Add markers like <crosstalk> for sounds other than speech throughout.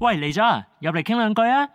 喂，嚟咗啊，入嚟傾兩句啊！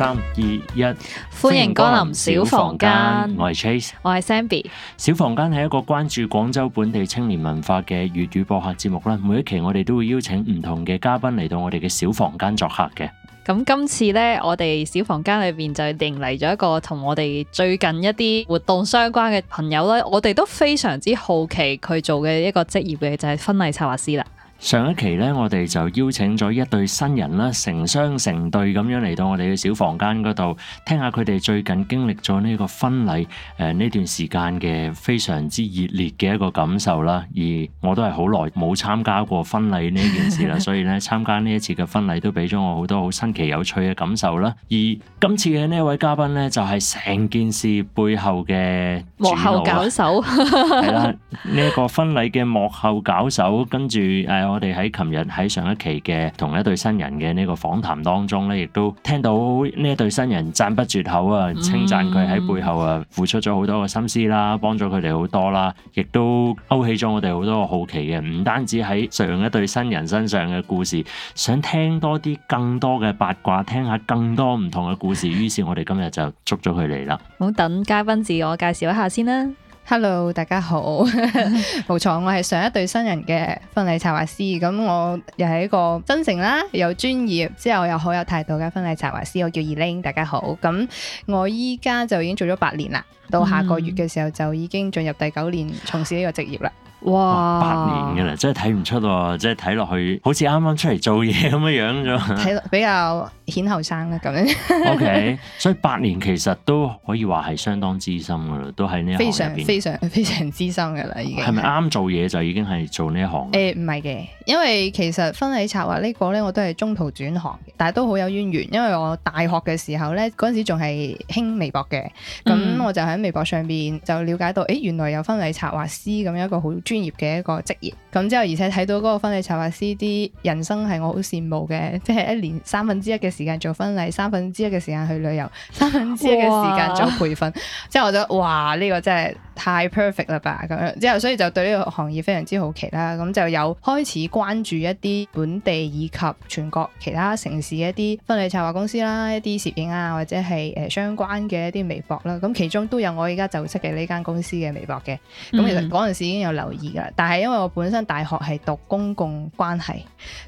三二一，3, 2, 1, 歡迎光臨小房間。我係 Trace，我係 Zenbi。小房間係一個關注廣州本地青年文化嘅粵語播客節目啦。每一期我哋都會邀請唔同嘅嘉賓嚟到我哋嘅小房間作客嘅。咁今次呢，我哋小房間裏邊就迎嚟咗一個同我哋最近一啲活動相關嘅朋友啦。我哋都非常之好奇佢做嘅一個職業嘅就係婚禮策劃師啦。上一期呢，我哋就邀請咗一對新人啦，成雙成對咁樣嚟到我哋嘅小房間嗰度，聽下佢哋最近經歷咗呢個婚禮誒呢段時間嘅非常之熱烈嘅一個感受啦。而我都係好耐冇參加過婚禮呢件事啦，所以呢參加呢一次嘅婚禮都俾咗我好多好新奇有趣嘅感受啦。而今次嘅呢一位嘉賓呢，就係成件事背後嘅幕後搞手，係啦，呢一個婚禮嘅幕後搞手，跟住誒。哎我哋喺琴日喺上一期嘅同一對新人嘅呢個訪談當中咧，亦都聽到呢一對新人讚不絕口啊，稱讚佢喺背後啊付出咗好多嘅心思啦，幫咗佢哋好多啦，亦都勾起咗我哋好多嘅好奇嘅。唔單止喺上一對新人身上嘅故事，想聽多啲更多嘅八卦，聽下更多唔同嘅故事。於是我們，我哋今日就捉咗佢嚟啦。好，等嘉賓自我介紹一下先啦。hello，大家好，冇錯， <laughs> <laughs> 我係上一對新人嘅婚禮策劃師，咁我又係一個真誠啦，又專業，之後又好有態度嘅婚禮策劃師，我叫 Elaine，大家好，咁我依家就已經做咗八年啦。到下個月嘅時候就已經進入第九年從事呢個職業啦！哇、哦，八年嘅啦，真係睇唔出喎，即係睇落去好似啱啱出嚟做嘢咁嘅樣咗，睇落比較顯後生啦咁樣。O、okay, K，所以八年其實都可以話係相當資深噶啦，都係呢一行非常非常非常資深噶啦，已經係。係咪啱做嘢就已經係做呢一行的？誒，唔係嘅，因為其實婚禮策劃呢個咧，我都係中途轉行，但係都好有淵源，因為我大學嘅時候咧，嗰陣時仲係興微博嘅，咁我就喺、嗯。微博上邊就了解到，誒，原來有婚禮策劃師咁樣一個好專業嘅一個職業，咁之後而且睇到嗰個婚禮策劃師啲人生係我好羨慕嘅，即係一年三分之一嘅時間做婚禮，三分之一嘅時間去旅遊，三分之一嘅時間做培訓，之哇後我覺得：「哇，呢個真係。太 perfect 啦吧，咁之後，所以就對呢個行業非常之好奇啦。咁就有開始關注一啲本地以及全國其他城市嘅一啲婚禮策劃公司啦，一啲攝影啊，或者係、呃、相關嘅一啲微博啦。咁其中都有我而家就職嘅呢間公司嘅微博嘅。咁其實嗰陣時已經有留意噶，嗯、但係因為我本身大學係讀公共關係，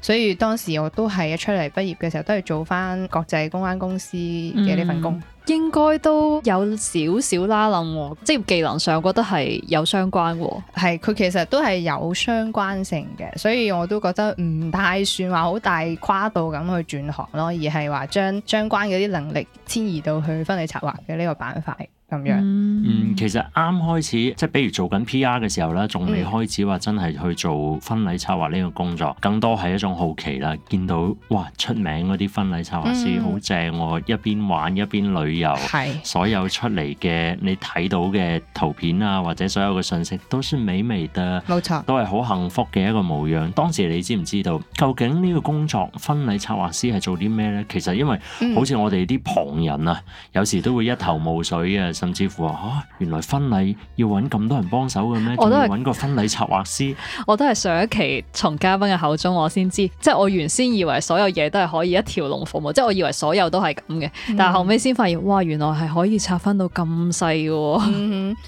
所以當時我都係一出嚟畢業嘅時候都係做翻國際公關公司嘅呢份工。嗯應該都有少少啦諗喎，職業技能上我覺得係有相關喎，係，佢其實都係有相關性嘅，所以我都覺得唔太算話好大跨度咁去轉行咯，而係話將相關嗰啲能力遷移到去婚禮策劃嘅呢個板塊。咁樣，嗯，嗯，其實啱開始即係比如做緊 PR 嘅時候咧，仲未開始話真係去做婚禮策劃呢個工作，嗯、更多係一種好奇啦。見到哇出名嗰啲婚禮策劃師好、嗯、正喎，一邊玩一邊旅遊，係是所有出嚟嘅你睇到嘅圖片啊，或者所有嘅信息都算美美的，冇錯錯，都係好幸福嘅一個模樣。當時你知唔知道究竟呢個工作婚禮策劃師係做啲咩咧？其實因為好似我哋啲旁人啊，有時都會一頭霧水嘅。甚至乎啊，原來婚禮要揾咁多人幫手嘅咩？仲要揾個婚禮策劃師，我都係 <laughs> 上一期從嘉賓嘅口中我，我先知。即係我原先以為所有嘢都係可以一條龍服務，即係我以為所有都係咁嘅。嗯、但係後尾先發現哇！原來係可以拆分到咁細嘅。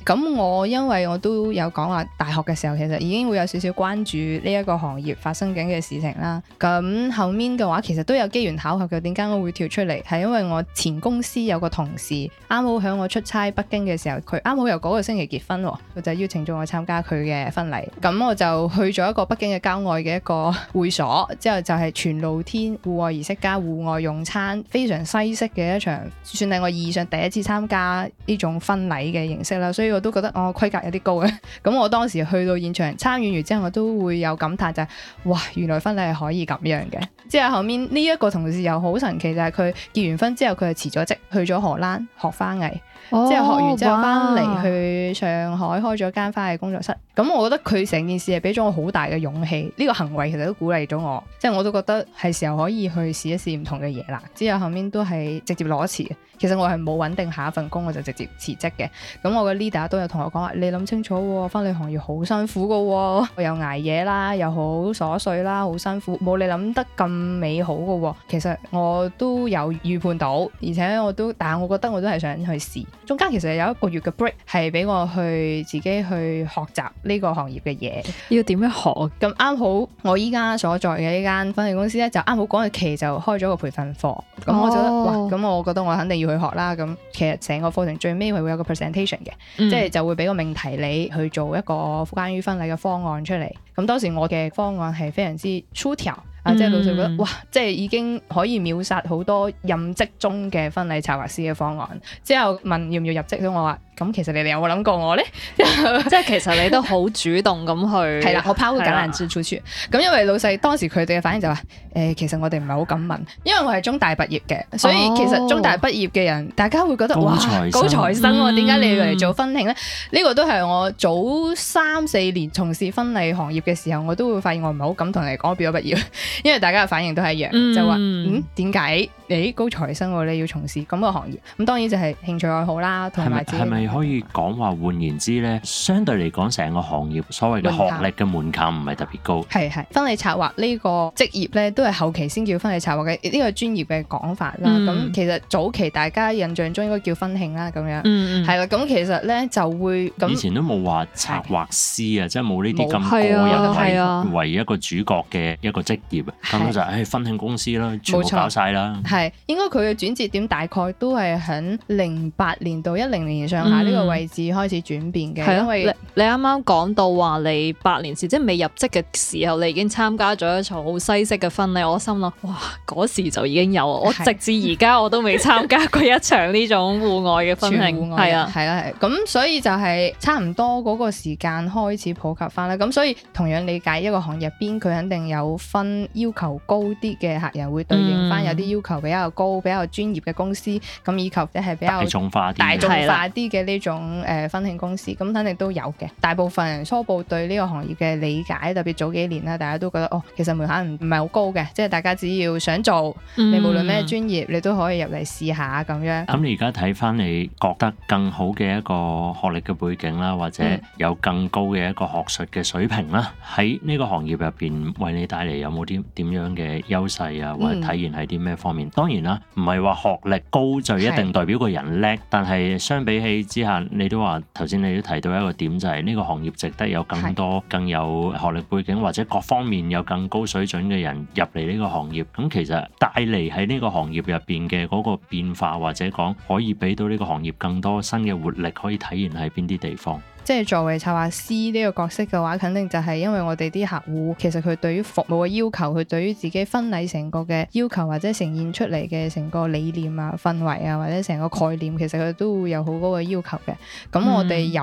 咁、嗯、我因為我都有講話大學嘅時候其實已經會有少少關注呢一個行業發生緊嘅事情啦。咁後面嘅話其實都有機緣巧合嘅。點解我會跳出嚟？係因為我前公司有個同事啱好響我出差，喺北京嘅時候，佢啱好又嗰個星期結婚，佢就邀請咗我參加佢嘅婚禮。咁我就去咗一個北京嘅郊外嘅一個會所，之後就係全露天戶外儀式加戶外用餐，非常西式嘅一場，算係我意義上第一次參加呢種婚禮嘅形式啦。所以我都覺得我規格有啲高嘅。咁我當時去到現場，參與完之後，我都會有感嘆就係、是、哇，原來婚禮係可以咁樣嘅。之後後面呢一個同事又好神奇，就係佢結完婚之後，佢係辭咗職去咗荷蘭學花藝。即係、哦、學完之後翻嚟去上海開咗間花藝工作室，咁哇我覺得佢成件事係俾咗我好大嘅勇氣，呢、這個行為其實都鼓勵咗我，即、就、係、是、我都覺得係時候可以去試一試唔同嘅嘢啦。之後後面都係直接攞辭，其實我係冇穩定下一份工，我就直接辭職嘅。咁我個 leader 都有同我講話，你諗清楚，花藝行業好辛苦噶、哦，我又挨夜啦，又好瑣碎啦，好辛苦，冇你諗得咁美好噶、哦。其實我都有預判到，而且我都，但係我覺得我都係想去試。中間其實有一個月嘅 break，係俾我去自己去學習呢個行業嘅嘢，要點樣學？咁啱好我依家所在嘅呢間婚禮公司咧，就啱好嗰個期就開咗個培訓課，咁、oh. 我就覺得，哇！咁我覺得我肯定要去學啦。咁其實成個課程最尾係會有一個 presentation 嘅，mm. 即係就會俾個命題你去做一個關於婚禮嘅方案出嚟。咁當時我嘅方案係非常之粗條啊、即係老細覺得，嗯、哇！即係已經可以秒殺好多任職中嘅婚禮策劃師嘅方案。之後問要唔要入職，我話咁其實你哋有冇諗過我呢？ <laughs> 即係其實你都好主動咁去係啦， <laughs> <laughs> 我拋個橄欖枝出出出。咁因為老細當時佢哋嘅反應就話、欸，其實我哋唔係好敢問，因為我係中大畢業嘅，所以其實中大畢業嘅人，哦、大家會覺得哇高材生喎，點解、啊嗯、你要嚟做婚慶呢？呢、呢個都係我早三四年從事婚禮行業嘅時候，我都會發現我唔係好敢同你講我畢業，因為大家嘅反應都係一樣，嗯、就話嗯點解你高材生、啊、你要從事咁個行業？咁當然就係興趣愛好啦，同埋。是你可以講話，換言之咧，相對嚟講，成個行業所謂嘅學歷嘅門檻唔係特別高。係係婚禮策劃呢個職業咧，都係後期先叫婚禮策劃嘅，呢個專業嘅講法啦。咁、嗯、其實早期大家印象中應該叫婚慶啦，咁樣。嗯係啦，咁其實咧就會以前都冇話策劃師啊，是的即係冇呢啲咁個人為一個主角嘅一個職業。咁就誒婚慶公司啦，全部搞曬啦。係應該佢嘅轉折點大概都係喺零八年到一零年以上、嗯。喺呢、嗯、個位置開始轉變嘅，啊、因為你你啱啱講到話，你八年前即係未入職嘅時候，你已經參加咗一場好西式嘅婚禮，我心諗哇，嗰時就已經有了啊！我直至而家我都未參加過一場呢 <laughs> 種戶外嘅婚禮，係啊，係啦、啊，係、啊。咁、啊啊、所以就係差唔多嗰個時間開始普及翻啦。咁所以同樣理解一個行業邊，佢肯定有分要求高啲嘅客人會對應翻有啲要求比較、嗯、比較高、比較專業嘅公司，咁以及即係比較大衆化啲嘅。呢種誒婚慶公司咁肯定都有嘅。大部分人初步對呢個行業嘅理解，特別早幾年啦，大家都覺得哦，其實門檻唔係好高嘅，即係大家只要想做，嗯、你無論咩專業，你都可以入嚟試下咁樣。咁你而家睇翻，嗯、你覺得更好嘅一個學歷嘅背景啦，或者有更高嘅一個學術嘅水平啦，喺呢個行業入邊為你帶嚟有冇啲點樣嘅優勢啊，或者體現喺啲咩方面？嗯、當然啦，唔係話學歷高就一定代表個人叻，的但係相比起之下，你都話頭先，才你都提到一個點，就係、是、呢個行業值得有更多、更有學歷背景是或者各方面有更高水準嘅人入嚟呢個行業。咁其實帶嚟喺呢個行業入面嘅嗰個變化，或者講可以俾到呢個行業更多新嘅活力，可以體現喺邊啲地方？即係作為策劃師呢個角色嘅話，肯定就係因為我哋啲客戶其實佢對於服務嘅要求，佢對於自己婚禮成個嘅要求或者呈現出嚟嘅成個理念啊、氛圍啊或者成個概念，其實佢都會有好高嘅要求嘅。咁我哋有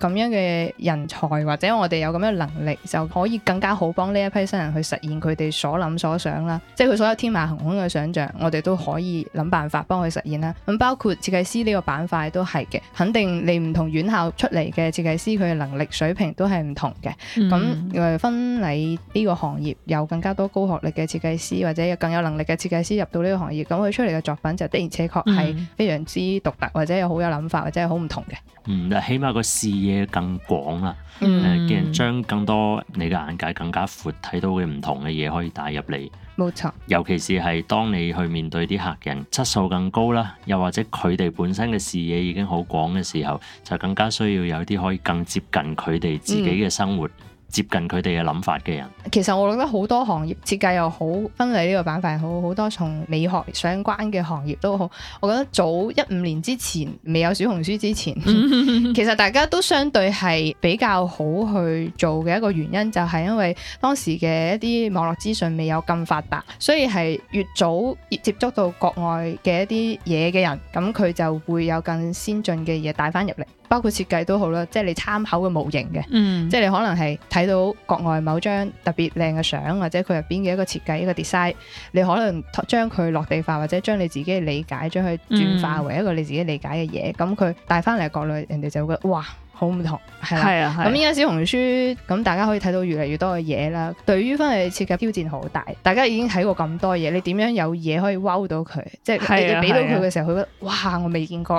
咁樣嘅人才、嗯、或者我哋有咁樣嘅能力，就可以更加好幫呢一批新人去實現佢哋所諗所想啦。即係佢所有天馬行空嘅想像，我哋都可以諗辦法幫佢實現啦。咁包括設計師呢個板塊都係嘅，肯定你唔同院校出嚟嘅設計師佢嘅能力水平都係唔同嘅，咁誒，婚禮呢個行業有更加多高學歷嘅設計師，或者有更有能力嘅設計師入到呢個行業，咁佢出嚟嘅作品就的而且確係非常之獨特，或者有好有諗法，或者係好唔同嘅。嗯，起碼個視野更廣啦，嗯，呃，既然將更多你嘅眼界更加闊，睇到嘅唔同嘅嘢可以帶入嚟。冇錯，尤其是係當你去面對啲客人質素更高啦，又或者佢哋本身嘅視野已經好廣嘅時候，就更加需要有啲可以更接近佢哋自己嘅生活。嗯接近佢哋嘅諗法嘅人，其實我覺得好多行業設計又好，婚禮呢個板塊好好多從美學相關嘅行業都好，我覺得早一五年之前未有小紅書之前， <laughs> 其實大家都相對係比較好去做嘅一個原因，就係因為當時嘅一啲網絡資訊未有咁發達，所以係越早接觸到國外嘅一啲嘢嘅人，咁佢就會有更先進嘅嘢帶翻入嚟。包括設計都好啦，即係你參考嘅模型嘅，嗯、即係你可能係睇到國外某張特別靚嘅相，或者佢入邊嘅一個設計一個 design，你可能將佢落地化，或者將你自己嘅理解將佢轉化為一個你自己理解嘅嘢，咁佢、嗯、帶翻嚟國內，人哋就會覺得哇！好唔同，係啊，咁依家小紅書咁，大家可以睇到越嚟越多嘅嘢啦。對於翻去設計，挑戰好大，大家已經睇過咁多嘢，你點樣有嘢可以 wow 到佢？的即係你俾到佢嘅時候，佢覺得哇，我未見過，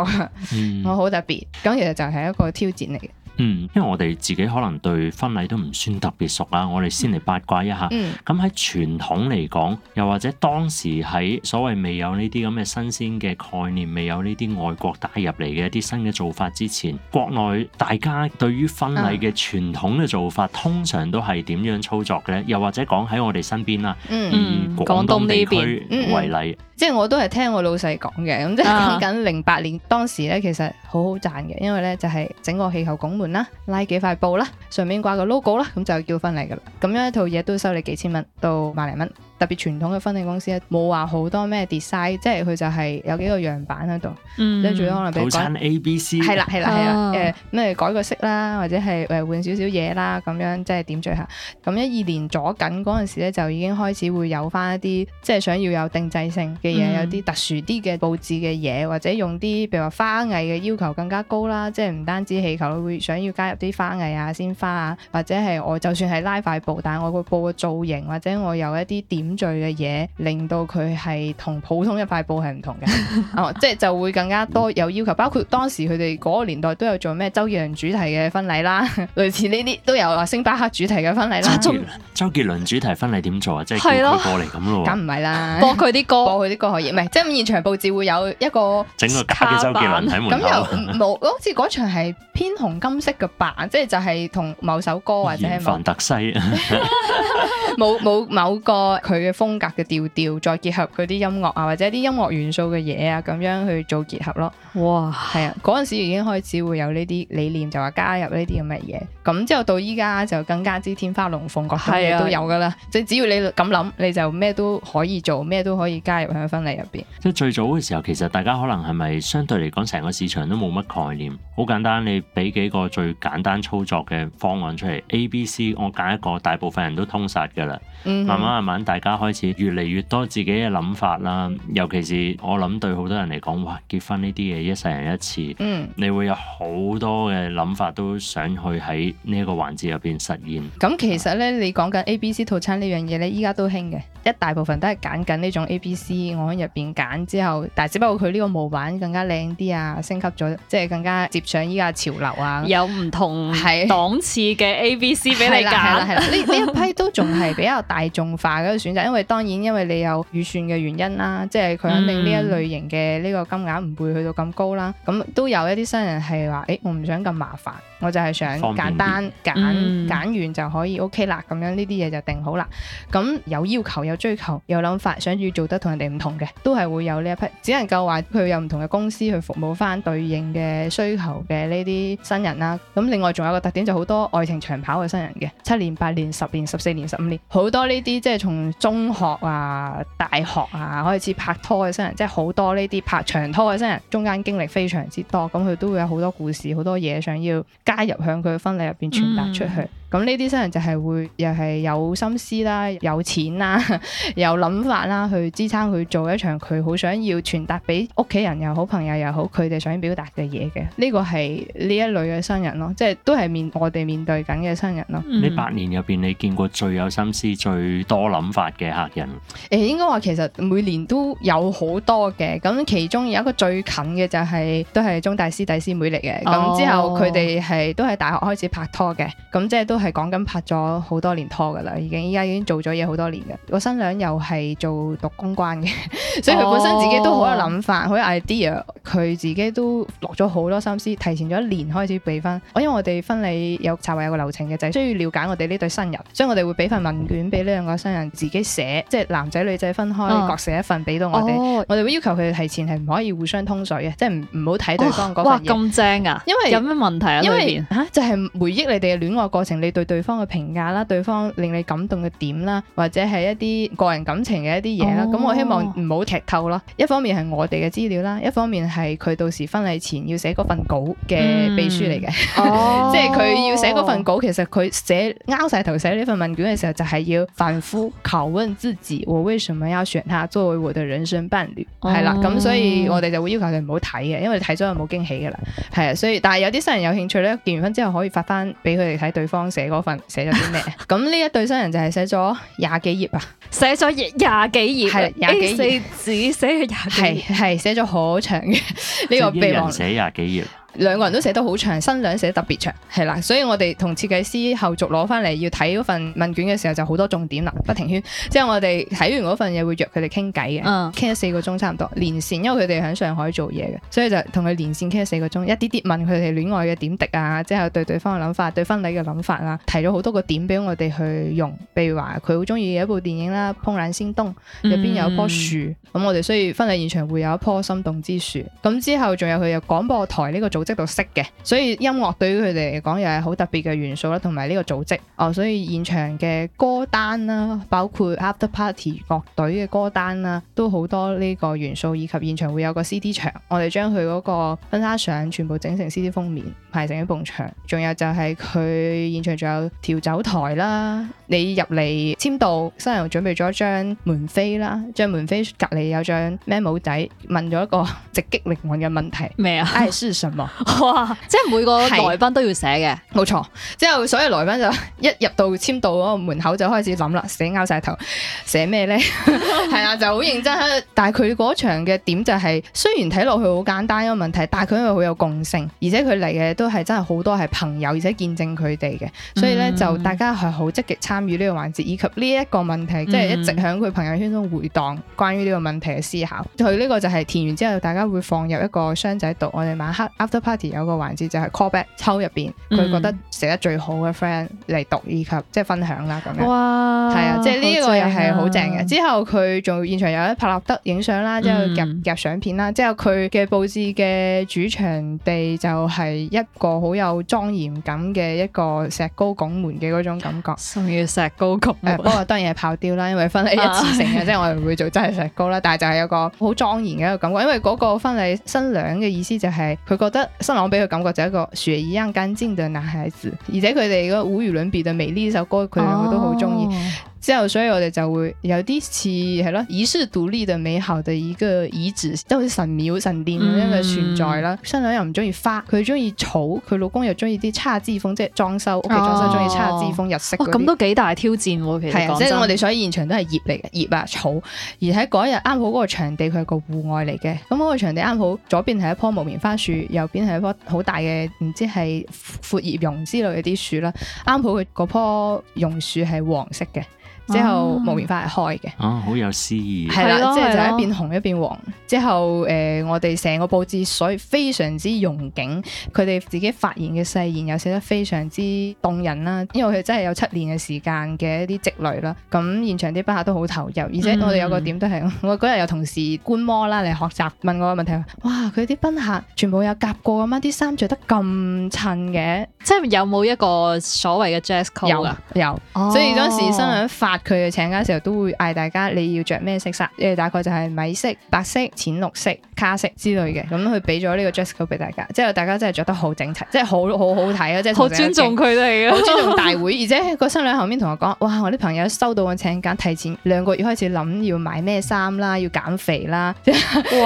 我好的 <laughs> 特別。咁其實就係一個挑戰嚟嘅。嗯，因為我哋自己可能對婚禮都唔算特別熟啊，我哋先嚟八卦一下。咁喺、嗯嗯、傳統嚟講，又或者當時喺所謂未有呢啲咁嘅新鮮嘅概念，未有呢啲外國帶入嚟嘅一啲新嘅做法之前，國內大家對於婚禮嘅傳統嘅做法，嗯、通常都係點樣操作嘅咧？又或者講喺我哋身邊啦，嗯、以廣東呢邊為例，嗯嗯、即係我都係聽我老細講嘅，咁即係講緊零八年、啊、當時咧，其實好好賺嘅，因為咧就係、是、整個石膏拱門啦，拉幾塊布啦，上面掛個 logo 啦，咁就叫婚禮㗎啦，咁樣一套嘢都收你幾千蚊到萬零蚊。特別傳統嘅婚禮公司咧，冇話好多咩 design，即係佢就係有幾個樣板喺度，跟住、嗯、可能俾改 A B C，係啦係啦係啦，誒咩改個色啦，或者係誒換少少嘢啦，咁樣即係點綴下。咁一二年咗緊嗰陣時咧，就已經開始會有翻一啲，即係想要有定製性嘅嘢，嗯、有啲特殊啲嘅佈置嘅嘢，或者用啲譬如話花藝嘅要求更加高啦，即係唔單止氣球，會想要加入啲花藝啊、鮮花啊，或者係我就算係拉塊布，但係我會佈個造型或者我有一啲點點綴嘅嘢，令到佢係同普通一塊布係唔同嘅。哦，即係就會更加多有要求。包括當時佢哋嗰個年代都有做咩周杰倫主題嘅婚禮啦，類似呢啲都有啊，星巴克主題嘅婚禮啦。周杰倫，周杰倫主題婚禮點做啊？即係播佢歌嚟，咁咯？梗唔係啦，播佢啲歌，播佢啲歌可以，唔係，即係現場佈置會有一個整個假嘅周杰倫。咁又冇，好似嗰場係偏紅金色嘅版，即係就係同某首歌或者係范特西，冇冇某個佢。佢嘅風格嘅調調，再結合佢啲音樂啊，或者啲音樂元素嘅嘢啊，咁樣去做結合咯。哇，係啊，嗰陣時已經開始會有呢啲理念，就話加入呢啲咁嘅嘢。咁之後到依家就更加之天花龍鳳，各種嘢都有㗎啦。即只要你咁諗，你就咩都可以做，咩都可以加入喺婚禮入邊。即係最早嘅時候，其實大家可能係咪相對嚟講，成個市場都冇乜概念。好簡單，你俾幾個最簡單操作嘅方案出嚟，A、B、C，我揀一個，大部分人都通殺㗎啦。嗯。慢慢慢慢，大而家開始越嚟越多自己嘅諗法啦，尤其是我諗對好多人嚟講，哇結婚呢啲嘢一世人一次，嗯，你會有好多嘅諗法都想去喺呢一個環節入面實現。咁、嗯、其實呢，你講緊 A B C 套餐呢樣嘢呢，依家都興嘅，一大部分都係揀緊呢種 A B C，我喺入邊揀之後，但係只不過佢呢個模板更加靚啲啊，升級咗，即係更加接上依家潮流啊。有唔同係檔次嘅 A B C 俾你揀，係呢一批都仲係比較大眾化就因為，當然，因為你有預算嘅原因啦，即係佢肯定呢一類型嘅呢個金額唔會去到咁高啦，咁都、嗯、有一啲新人係話，誒、欸，我唔想咁麻煩。我就係想簡單揀揀、嗯、完就可以 OK 啦，咁樣呢啲嘢就定好啦。咁有要求，有追求，有諗法，想要做得同人哋唔同嘅，都係會有呢一批。只能夠話佢有唔同嘅公司去服務翻對應嘅需求嘅呢啲新人啦。咁另外仲有個特點，就好多愛情長跑嘅新人嘅，七年八年十年十四年十五年，好多呢啲即係從中學啊大學啊開始拍拖嘅新人，即係好多呢啲拍長拖嘅新人，中間經歷非常之多，咁佢都會有好多故事，好多嘢想要加入向佢嘅婚禮入邊傳達出去。嗯咁呢啲新人就係會又係有心思啦、有錢啦、有諗法啦，去支撐佢做一場佢好想要傳達俾屋企人又好、朋友又好，佢哋想表達嘅嘢嘅。呢個係呢一類嘅新人咯，即係都係面我哋面對緊嘅新人咯。呢、嗯、八年入邊你見過最有心思、最多諗法嘅客人？誒應該話其實每年都有好多嘅，咁其中有一個最近嘅就係、是、都係中大師弟師妹嚟嘅。咁之後佢哋係都係大學開始拍拖嘅，咁即係都係。係講緊拍咗好多年拖噶啦，已經依家已經做咗嘢好多年嘅。個新娘又係做讀公關嘅，哦、 <laughs> 所以佢本身自己都有、哦、好有諗法，好有 idea。佢自己都落咗好多心思，提前咗一年開始備婚。我、哦、因為我哋婚禮有策劃有一個流程嘅，就係、是、需要了解我哋呢對新人，所以我哋會俾份問卷俾呢兩個新人自己寫，即係男仔女仔分開各寫一份，俾到、嗯、我哋。我哋會要求佢哋提前係唔可以互相通水嘅，即係唔唔好睇對方嗰份嘢咁、哦、正啊！因為有咩問題啊？因為吓就係回憶你哋嘅戀愛過程，你。對對方嘅評價啦，對方令你感動嘅點啦，或者係一啲個人感情嘅一啲嘢啦，咁、oh. 我希望唔好劇透咯。一方面係我哋嘅資料啦，一方面係佢到時婚禮前要寫嗰份稿嘅秘書嚟嘅，mm. oh. <laughs> 即係佢要寫嗰份稿。其實佢寫晒頭寫呢份文稿嘅時候，就係、是、要反覆拷問自己：我為什麼要選他作為我的人生伴侶？係啦、oh.，咁所以我哋就會要求佢唔好睇嘅，因為睇咗就冇驚喜噶啦。係啊，所以但係有啲新人有興趣咧，結完婚之後可以發翻俾佢哋睇對方。寫嗰份寫咗啲咩？咁呢 <laughs> 一對新人就係寫咗廿幾頁啊，寫咗頁廿幾頁，廿幾頁 A4 紙寫咗廿係係寫咗好長嘅呢 <laughs> 個備忘，寫廿幾頁。兩個人都寫得好長，新娘寫得特別長，係啦，所以我哋同設計師後續攞翻嚟要睇嗰份問卷嘅時候就好多重點啦，不停圈。之後我哋睇完嗰份嘢會約佢哋傾偈嘅，傾咗、uh. 四個鐘差唔多連線，因為佢哋喺上海做嘢嘅，所以就同佢連線傾咗四個鐘，一啲啲問佢哋戀愛嘅點滴啊，之後對對方嘅諗法、對婚禮嘅諗法啊，提咗好多個點俾我哋去用，譬如話佢好中意嘅一部電影啦，《怦然心動》，入邊有一棵樹，咁、mm. 我哋所以婚禮現場會有一棵心動之樹。咁之後仲有佢有廣播台呢個組。即到識嘅，所以音樂對於佢哋嚟講又係好特別嘅元素啦，同埋呢個組織哦。所以現場嘅歌單啦，包括 After Party 樂隊嘅歌單啦，都好多呢個元素，以及現場會有個 CD 牆，我哋將佢嗰個婚紗相全部整成 CD 封面，排成一埲牆。仲有就係佢現場仲有調酒台啦，你入嚟簽到，新人準備咗一張門飛啦，張門飛隔離有張咩帽仔，問咗一個直擊靈魂嘅問題咩啊？係什麼？唉哇！即係每個來賓都要寫嘅，冇錯。之後所以來賓就一入到簽到嗰個門口就開始諗啦，寫拗晒頭，寫咩呢？」係啊，就好認真。但係佢嗰場嘅點就係、是，雖然睇落去好簡單一個問題，但係佢因為好有共性，而且佢嚟嘅都係真係好多係朋友，而且見證佢哋嘅，所以呢，就大家係好積極參與呢個環節，以及呢一個問題，即係一直響佢朋友圈中回蕩關於呢個問題嘅思考。佢呢個就係填完之後，大家會放入一個箱仔度，我哋晚黑。party 有個環節就係、是、callback 抽入邊，佢、嗯、覺得寫得最好嘅 friend 嚟讀以及即係分享啦咁樣哇！係、就是、啊，即係呢個又係好正嘅。之後佢仲現場有一拍立得影相啦，嗯、之後入入相片啦。之後佢嘅布置嘅主場地就係一個好有莊嚴感嘅一個石膏拱門嘅嗰種感覺，仲要石膏拱誒、呃。不過當然係泡雕啦，因為婚禮一次性嘅，即係、啊、我哋唔會做真係石膏啦。 <laughs> 但係就係有個好莊嚴嘅一個感覺，因為嗰個婚禮新娘嘅意思就係佢覺得。新郎俾佢感覺就是一個雪一樣乾淨的男孩子，而且佢哋個無與倫比的美麗呢首歌，佢兩個都好鍾意、oh. 之後，所以我哋就會有啲似係咯，遺世獨立的美好的一個遺址，即好似神廟、神殿咁樣嘅存在啦。嗯、新娘又唔中意花，佢中意草，佢老公又中意啲差枝風，即係裝修，屋企裝修中意差枝風日式。哇，咁都幾大挑戰喎，其實對。即係我哋所以現場都係葉嚟嘅葉啊，草。而喺嗰日啱好嗰個場地，佢係個戶外嚟嘅。咁、那、嗰個場地啱好，左邊係一棵木棉花樹，右邊係一棵好大嘅，唔知係闊葉榕之類嘅啲樹啦。啱好佢嗰棵榕樹係黃色嘅。之後木棉花係開嘅，哦，好有詩意，係啦，即係就是、一邊紅一邊黃。之後誒、呃，我哋成個布置所以非常之融景，佢哋自己發言嘅誓言又寫得非常之動人啦。因為佢真係有七年嘅時間嘅一啲積累啦。咁現場啲賓客都好投入，而且我哋有個點都係，嗯、 <laughs> 我嗰日有同事觀摩啦嚟學習，問我個問題，哇，佢啲賓客全部有夾過咁啲衫着得咁襯嘅，即係有冇一個所謂嘅 dress code 啊？有，哦、所以當時新娘發。佢嘅請柬時候都會嗌大家你要着咩色衫？誒大概就係米色、白色、淺綠色、卡色之類嘅。咁佢俾咗呢個 dress code 俾大家，之後大家真係着得好整齊，即係好好好睇啊！即係好尊重佢哋，好尊重大會。 <laughs> 而且個新娘後面同我講，哇！我啲朋友收到我請柬，提前兩個月開始諗要買咩衫啦，要減肥啦，即係好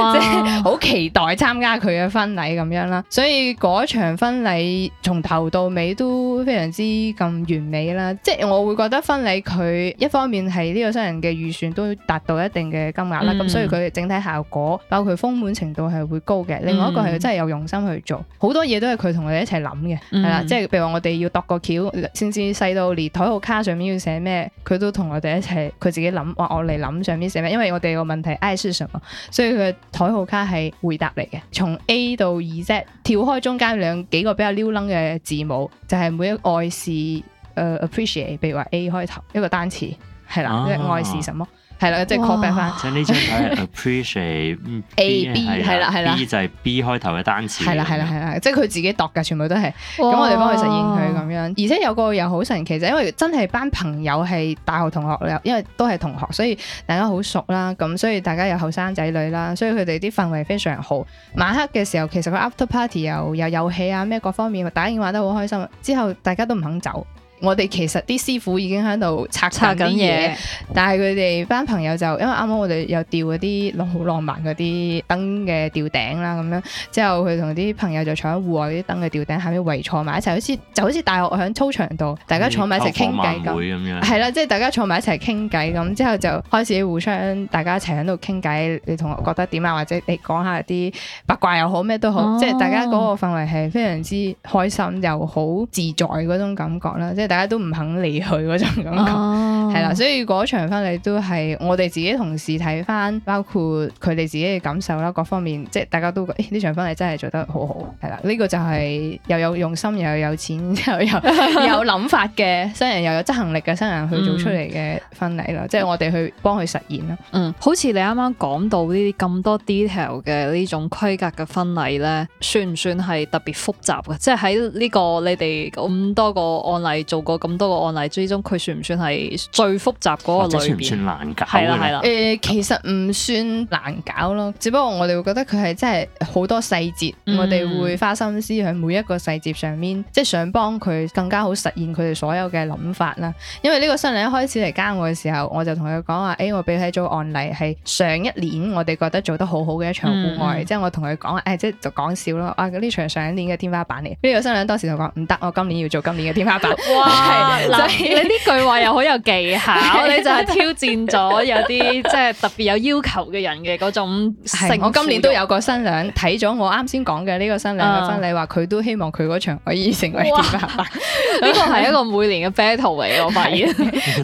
哇期待參加佢嘅婚禮咁樣啦。所以嗰場婚禮從頭到尾都非常之咁完美啦。即係我會覺得婚禮佢。一方面係呢個新人嘅預算都達到一定嘅金額啦，咁、嗯、所以佢整體效果，包括佢豐滿程度係會高嘅。嗯、另外一個係真係有用心去做，好多嘢都係佢同我哋一齊諗嘅，係啦、嗯，即係譬如話我哋要度個橋，先至細到連台號卡上面要寫咩，佢都同我哋一齊佢自己諗，話我嚟諗上面寫咩，因為我哋個問題是愛是什麼，所以佢台號卡係回答嚟嘅，從 A 到 E 啫，跳開中間兩幾個比較撈撚嘅字母，就係、是、每一愛是。Uh, appreciate，比如話 A 開頭一個單詞係啦，哦、即係愛是什麼係啦，哇即係哇 call back 翻。即係呢張牌 appreciate，A B 係啦係啦，B 就係 B 開頭嘅單詞係啦係啦係啦，即係佢自己度嘅全部都係咁，哦、咁我哋幫佢實現佢咁樣。而且有個又好神奇，就因為真係班朋友係大學同學，因為都係同學，所以大家好熟啦。咁所，所以大家又後生仔女啦，所以佢哋啲氛圍非常好。晚黑嘅時候其實個 after party 又又遊戲啊咩各方面，打完玩得好開心，之後大家都唔肯走。我哋其實啲師傅已經喺度拆緊嘢，但係佢哋班朋友就因為啱啱我哋又吊嗰啲好浪漫嗰啲燈嘅吊頂啦，咁樣之後佢同啲朋友就坐喺戶外啲燈嘅吊頂下面圍坐埋一齊，好似就好似大學喺操場度，大家坐埋一齊傾偈咁。係啦、嗯樣，即係大家坐埋一齊傾偈咁，之、嗯、後就開始互相大家一齊喺度傾偈。你同學覺得點啊？或者你講下啲八卦又好咩都好，好哦、即係大家嗰個氛圍係非常之開心又好自在嗰種感覺啦，即係。大家都唔肯離去嗰種感覺，係啦、oh.，所以嗰場婚禮都係我哋自己同事睇翻，包括佢哋自己嘅感受啦，各方面，即係大家都覺得，誒、欸，呢場婚禮真係做得好好，係啦，呢、這個就係又有用心，又有錢，又又有諗 <laughs> 法嘅新人，又有執行力嘅新人去做出嚟嘅婚禮啦，mm. 即係我哋去幫佢實現啦。嗯，mm. 好似你啱啱講到呢啲咁多 detail 嘅呢種規格嘅婚禮咧，算唔算係特別複雜嘅？即係喺呢個你哋咁多個案例做。過咁多個案例，最終佢算唔算係最複雜嗰個裏面？係啦，係啦，誒、呃，其實唔算難搞咯，只不過我哋會覺得佢係真係好多細節，嗯、我哋會花心思喺每一個細節上面，即、就、係、是、想幫佢更加好實現佢哋所有嘅諗法啦。因為呢個新娘一開始嚟加我嘅時候，我就同佢講話：，誒、欸，我俾你睇咗個案例，係上一年我哋覺得做得好好嘅一場戶外、嗯欸。即係我同佢講，誒，即係就講笑咯。啊，呢場上一年嘅天花板嚟，呢、這個新娘當時就講唔得，我今年要做今年嘅天花板。 <laughs> 係，所以你呢句話又好有技巧，你就係挑戰咗有啲即係特別有要求嘅人嘅嗰種。係，我今年都有個新娘睇咗我啱先講嘅呢個新娘嘅婚禮，話佢都希望佢嗰場可以成為點啊！呢個係一個每年嘅 battle 嚟，我發現。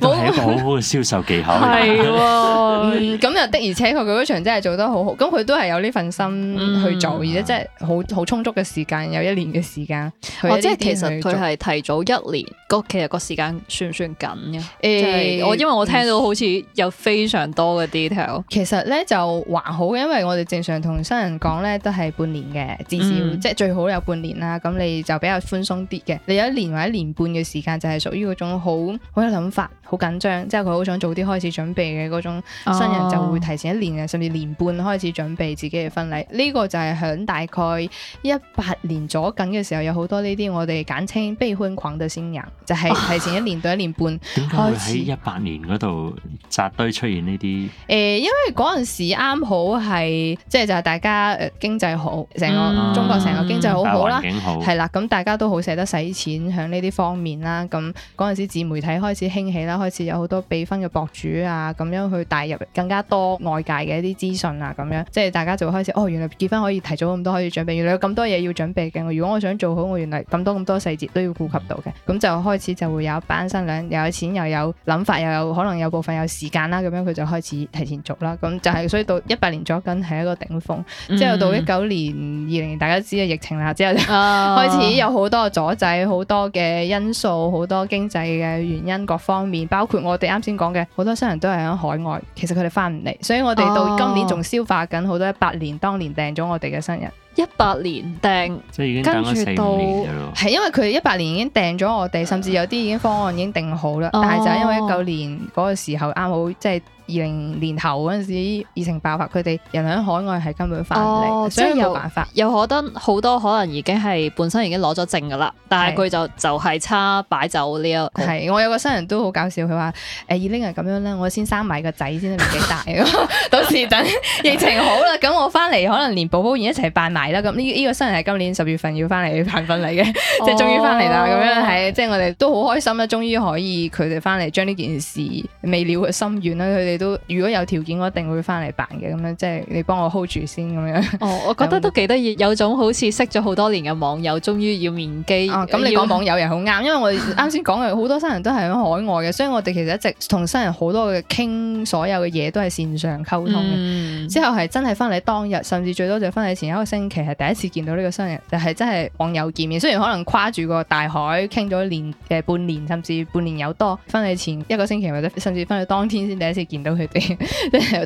好，好好嘅銷售技巧。係喎，咁又的，而且確佢嗰場真係做得好好。咁佢都係有呢份心去做，而且即係好好充足嘅時間，有一年嘅時間。或者係其實佢係提早一年。我、哦、其實個時間算唔算緊嘅？誒、欸，我因為我聽到好似有非常多嘅 detail。其實咧就還好，因為我哋正常同新人講咧都係半年嘅，至少、嗯、即係最好有半年啦。咁你就比較寬鬆啲嘅。你有一年或者一年半嘅時間，就係屬於嗰種好好有諗法、好緊張，即係佢好想早啲開始準備嘅嗰種、哦、新人，就會提前一年呀，甚至年半開始準備自己嘅婚禮。呢、呢個就係響大概一八年左近嘅時候，有好多呢啲我哋簡稱備婚狂嘅新人。就係提前一年到一年半開始。啊，點解會喺一八年嗰度扎堆出現呢啲？誒、呃，因為嗰陣時啱好係即係就係、是、大家、呃、經濟好，成個、嗯、中國成個經濟好、嗯、好啦，係啦，咁大家都好捨得使錢響呢啲方面啦。咁嗰陣時自媒體開始興起啦，開始有好多備婚嘅博主啊，咁樣去帶入更加多外界嘅一啲資訊啊，咁樣即係大家就會開始哦，原來結婚可以提早咁多可以準備，原來有咁多嘢要準備嘅。如果我想做好，我原來咁多咁多細節都要顧及到嘅，咁就開。開始就會有班新娘，又有錢又有諗法，又有可能有部分有時間啦，咁樣佢就開始提前續啦。咁就係、是、所以到一八年左緊係一個頂峰、嗯之2020，之後到一九年、二零年大家知嘅疫情啦，之後就開始有好多阻滯，好多嘅因素，好多經濟嘅原因各方面，包括我哋啱先講嘅好多新人，都係喺海外，其實佢哋翻唔嚟，所以我哋到今年仲消化緊好多一八年當年訂咗我哋嘅新人。一八年訂，4, 跟住到，係因為佢一八年已經訂咗我哋，甚至有啲已經方案已經定好啦。Oh. 但係就係因為一九年嗰個時候啱好即係。就是二零年頭嗰陣時候，疫情爆發，佢哋人喺海外係根本翻唔嚟，所以、哦、冇辦法。有好多好多可能已經係本身已經攞咗證㗎啦，但係佢就是就係差擺酒呢一。係，我有個新人都好搞笑，佢話：誒、欸、Elaine 係咁樣咧，我先生埋個仔先，唔記得大 <laughs> <laughs> 到時等疫情好啦，咁我翻嚟可能連寶寶完一齊辦埋啦。咁呢呢個新人係今年十月份要翻嚟辦婚禮嘅，即係終於翻嚟啦。咁樣係，即係我哋都好開心啦，終於可以佢哋翻嚟將呢件事未了嘅心願啦，佢哋。都如果有條件，我一定會翻嚟辦嘅。咁樣即係你幫我 hold 住先咁樣。哦，我覺得都幾得意，吧有種好似識咗好多年嘅網友，終於要面基。咁、哦、你講要 網友又好啱，因為我哋啱先講嘅好多新人都係喺海外嘅，所以我哋其實一直同新人好多嘅傾，所有嘅嘢都係線上溝通嘅、嗯、之後係真係翻嚟當日，甚至最多就係翻嚟前一個星期，係第一次見到呢個新人，就係、是、真係網友見面。雖然可能跨住個大海，傾咗年半年，甚至半年有多，翻嚟前一個星期或者甚至翻嚟當天先第一次見到佢哋，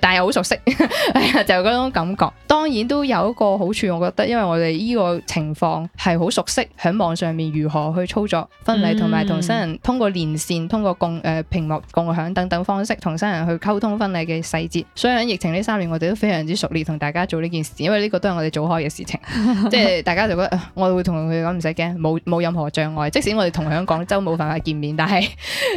但係又好熟悉， <laughs> 就嗰種感覺。當然都有一個好處，我覺得，因為我哋依個情況係好熟悉，喺網上面如何去操作婚禮，同埋同新人通過連線、通過共誒、呃、屏幕共享等等方式，同新人去溝通婚禮嘅細節。所以喺疫情呢三年，我哋都非常之熟練同大家做呢件事，因為呢個都係我哋早開嘅事情， <laughs> 即係大家就覺得我會同佢講唔使驚，冇冇任何障礙。即使我哋同喺廣州冇辦法見面，但係呢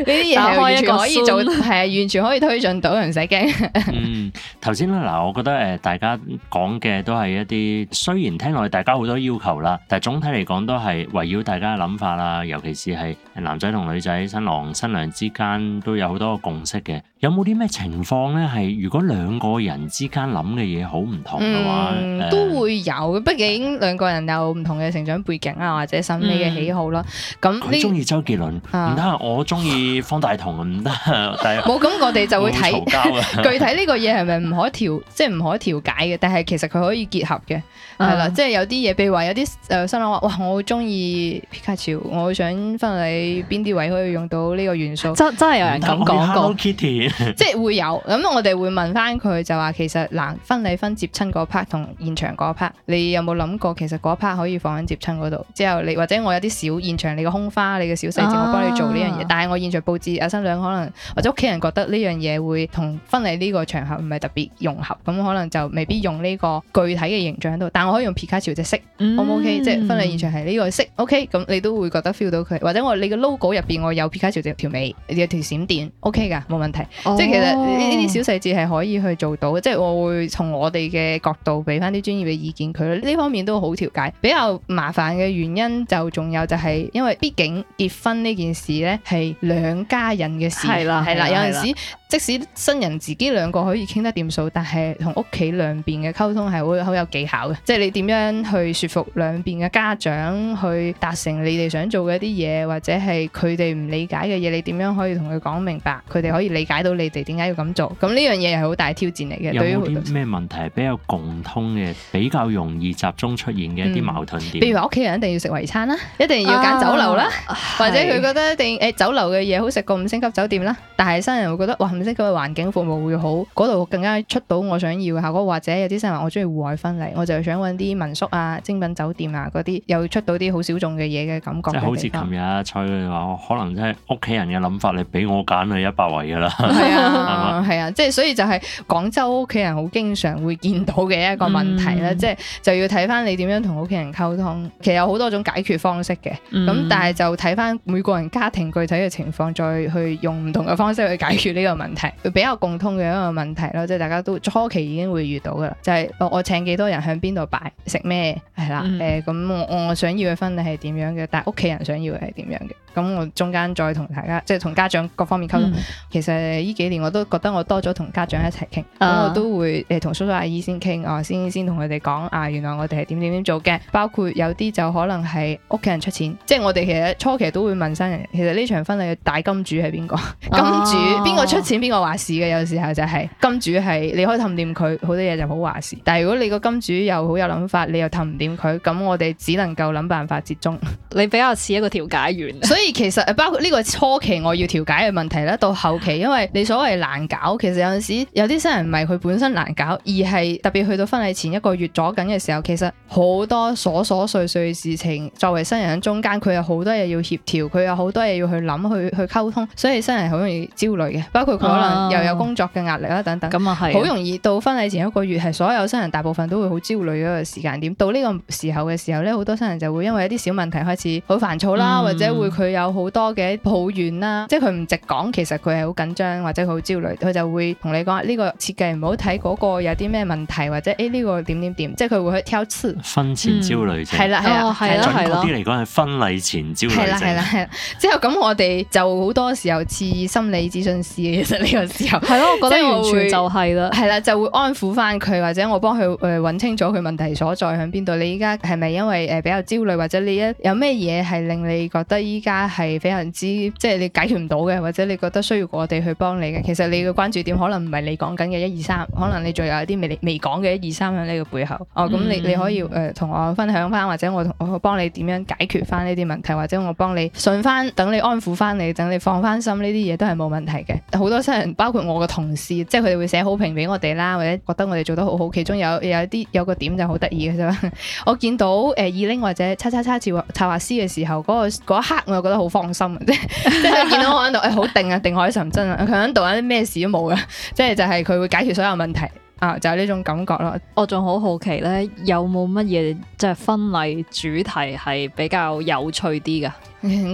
啲嘢係完全可以做，係完全可以推進到。好，唔使驚。嗯，頭先咧，嗱，我覺得誒，大家講嘅都係一啲，雖然聽落去大家好多要求啦，但係總體嚟講都係圍繞大家嘅諗法啦，尤其是係男仔同女仔新郎新娘之間都有好多共識嘅。.有冇啲咩情況咧？係如果兩個人之間諗嘅嘢好唔同嘅話，嗯，都會有嘅。畢竟兩個人有唔同嘅成長背景啊，或者心理嘅喜好咯。咁你中意周杰倫，唔得啊；我中意方大同，唔得。冇咁， <laughs> 我哋就會睇。會 <laughs> 具體呢個嘢係咪唔可調，即係唔可調解嘅？但係其實佢可以結合嘅，係啦啊。即係，就是，有啲嘢，譬如話有啲誒、呃，心諗話哇，我中意皮卡丘，我想分你邊啲位可以用到呢個元素。真真係有人咁講過。 <laughs> 即係會有，咁我哋會問翻佢就話其實嗱，婚禮分，分接親嗰 part 同現場嗰 part，你有冇諗過其實嗰 part 可以放喺接親嗰度？之後你或者我有啲小現場，你個空花、你嘅小細節，我幫你做呢樣嘢。啊、但係我現場佈置，阿新娘可能或者屋企人覺得呢樣嘢會同婚禮呢個場合唔係特別融合，咁可能就未必用呢個具體嘅形象喺度。但我可以用皮卡丘隻色，O 唔 OK？即係婚禮現場係呢個色，OK？咁你都會覺得 feel 到佢。或者我你嘅 logo 入面我有皮卡丘條尾有條閃電，OK 㗎，冇問題。哦、即係其實呢啲小細節係可以去做到嘅，即係我會從我哋嘅角度俾翻啲專業嘅意見佢。呢方面都好調解，比較麻煩嘅原因就仲有就係因為畢竟結婚呢件事咧係兩家人嘅事。係啦，係啦，有陣時即使新人自己兩個可以傾得掂數，但係同屋企兩邊嘅溝通係會好有技巧嘅。即係你點樣去說服兩邊嘅家長去達成你哋想做嘅一啲嘢，或者係佢哋唔理解嘅嘢，你點樣可以同佢講明白，佢哋可以理解到。你哋點解要咁做？咁呢樣嘢係好大挑戰嚟嘅。有冇啲咩問題係比較共通嘅，比較容易集中出現嘅一啲矛盾點？譬、嗯、如話屋企人一定要食圍餐啦，一定要揀酒樓啦，嗯、或者佢覺得一定誒是、哎、酒樓嘅嘢好食過五星級酒店啦。但係新人會覺得哇，五星級嘅環境服務會好，嗰度更加出到我想要嘅效果。或者有啲新人話我中意戶外婚禮，我就想揾啲民宿啊、精品酒店啊嗰啲，又出到啲好小眾嘅嘢嘅感覺。即係好似琴日蔡佢話，可能真係屋企人嘅諗法你俾我揀去一百圍噶啦。係 <laughs> 啊，係啊，即係所以就係廣州屋企人好經常會見到嘅一個問題啦，即係、嗯、就是要睇翻你點樣同屋企人溝通，其實有好多種解決方式嘅，咁、嗯、但係就睇翻每個人家庭具體嘅情況，再去用唔同嘅方式去解決呢個問題，比較共通嘅一個問題咯，即、就、係、是、大家都初期已經會遇到噶、就是、啦，就係、嗯呃、我我請幾多人向邊度擺食咩係啦，誒咁我想要嘅婚禮係點樣嘅，但係屋企人想要嘅係點樣嘅，咁我中間再同大家即係同家長各方面溝通，嗯、其實。呢幾年我都覺得我多咗同家長一齊傾，uh. 我都會誒同叔叔阿姨先傾，我先先同佢哋講啊，原來我哋係點點點做嘅，包括有啲就可能係屋企人出錢，即係我哋其實初期都會問新人，其實呢場婚禮大金主係邊個？金主邊個、uh. 出錢邊個話事嘅？有時候就係、是、金主係你可以氹掂佢，好多嘢，就好話事。但係如果你個金主又好有諗法，你又氹唔掂佢，咁我哋只能夠諗辦法折中。你比較似一個調解員，所以其實包括呢個初期我要調解嘅問題咧，到後期因為。你所謂難搞，其實有陣時有啲新人唔係佢本身難搞，而係特別去到婚禮前一個月左緊嘅時候，其實好多瑣瑣碎碎嘅事情。作為新人喺中間，佢有好多嘢要協調，佢有好多嘢要去諗、去去溝通，所以新人好容易焦慮嘅。包括佢可能又有工作嘅壓力啦，等等。咁啊係。好、啊嗯、容易到婚禮前一個月係所有新人大部分都會好焦慮嗰個時間點。到呢個時候嘅時候咧，好多新人就會因為一啲小問題開始好煩躁啦，嗯、或者會佢有好多嘅抱怨啦，即係佢唔直講，其實佢係好緊張。或者佢好焦慮，佢就會同你講呢、這個設計唔好睇，嗰個有啲咩問題，或者誒呢、哎這個點點點，即係佢會去挑 e 婚前焦慮症係啦，係啦、嗯，係咯，啲嚟講係婚禮前焦慮症。係啦、哦，係啦，係。之後咁我哋就好多時候似心理諮詢師，其實呢個時候係咯， <laughs> 我覺得我會完全就係啦，係啦，就會安撫翻佢，或者我幫佢誒搵清楚佢問題所在喺邊度。你依家係咪因為誒、呃、比較焦慮，或者你一有咩嘢係令你覺得依家係非常之即係你解決唔到嘅，或者你覺得需要我哋去幫？嚟嘅，其實你嘅關注點可能唔係你講緊嘅一二三，可能你仲有一啲未未講嘅一二三喺呢個背後。哦，咁你你可以誒同我分享翻，或者我同我幫你點樣解決翻呢啲問題，或者我幫你順翻，等你安撫翻你，等你放翻心，呢啲嘢都係冇問題嘅。好多新人，包括我嘅同事，即係佢哋會寫好評俾我哋啦，或者覺得我哋做得好好。其中有有一啲有個點就好得意嘅啫，我見到誒二零或者叉叉叉招策劃師嘅時候，嗰個嗰一刻我又覺得好放心，即係見到我喺度好定啊，定海神針啊！度緊咩事都冇嘅，即係就係、是、佢會解決所有問題啊！就係呢種感覺咯。我仲好好奇咧，有冇乜嘢即係婚禮主題係比較有趣啲嘅？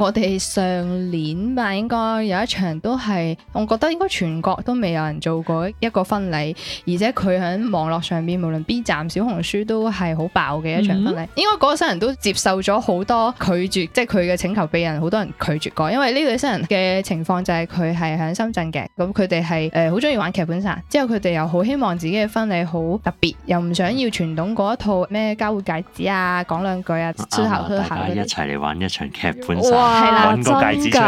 我哋上年吧，應該有一場都係我覺得應該全國都未有人做過一個婚禮，而且佢喺網絡上面無論 B 站、小紅書都係好爆嘅，嗯、一場婚禮應該嗰個新人都接受咗好多拒絕，即係佢嘅請求被人好多人拒絕過，因為呢對新人嘅情況就係佢係喺深圳嘅，咁佢哋係誒好中意玩劇本殺，之後佢哋又好希望自己嘅婚禮好特別，又唔想要傳統嗰一套咩交換戒指啊、講兩句啊、出口出口。大家一齊嚟玩一場劇本。哇！真噶，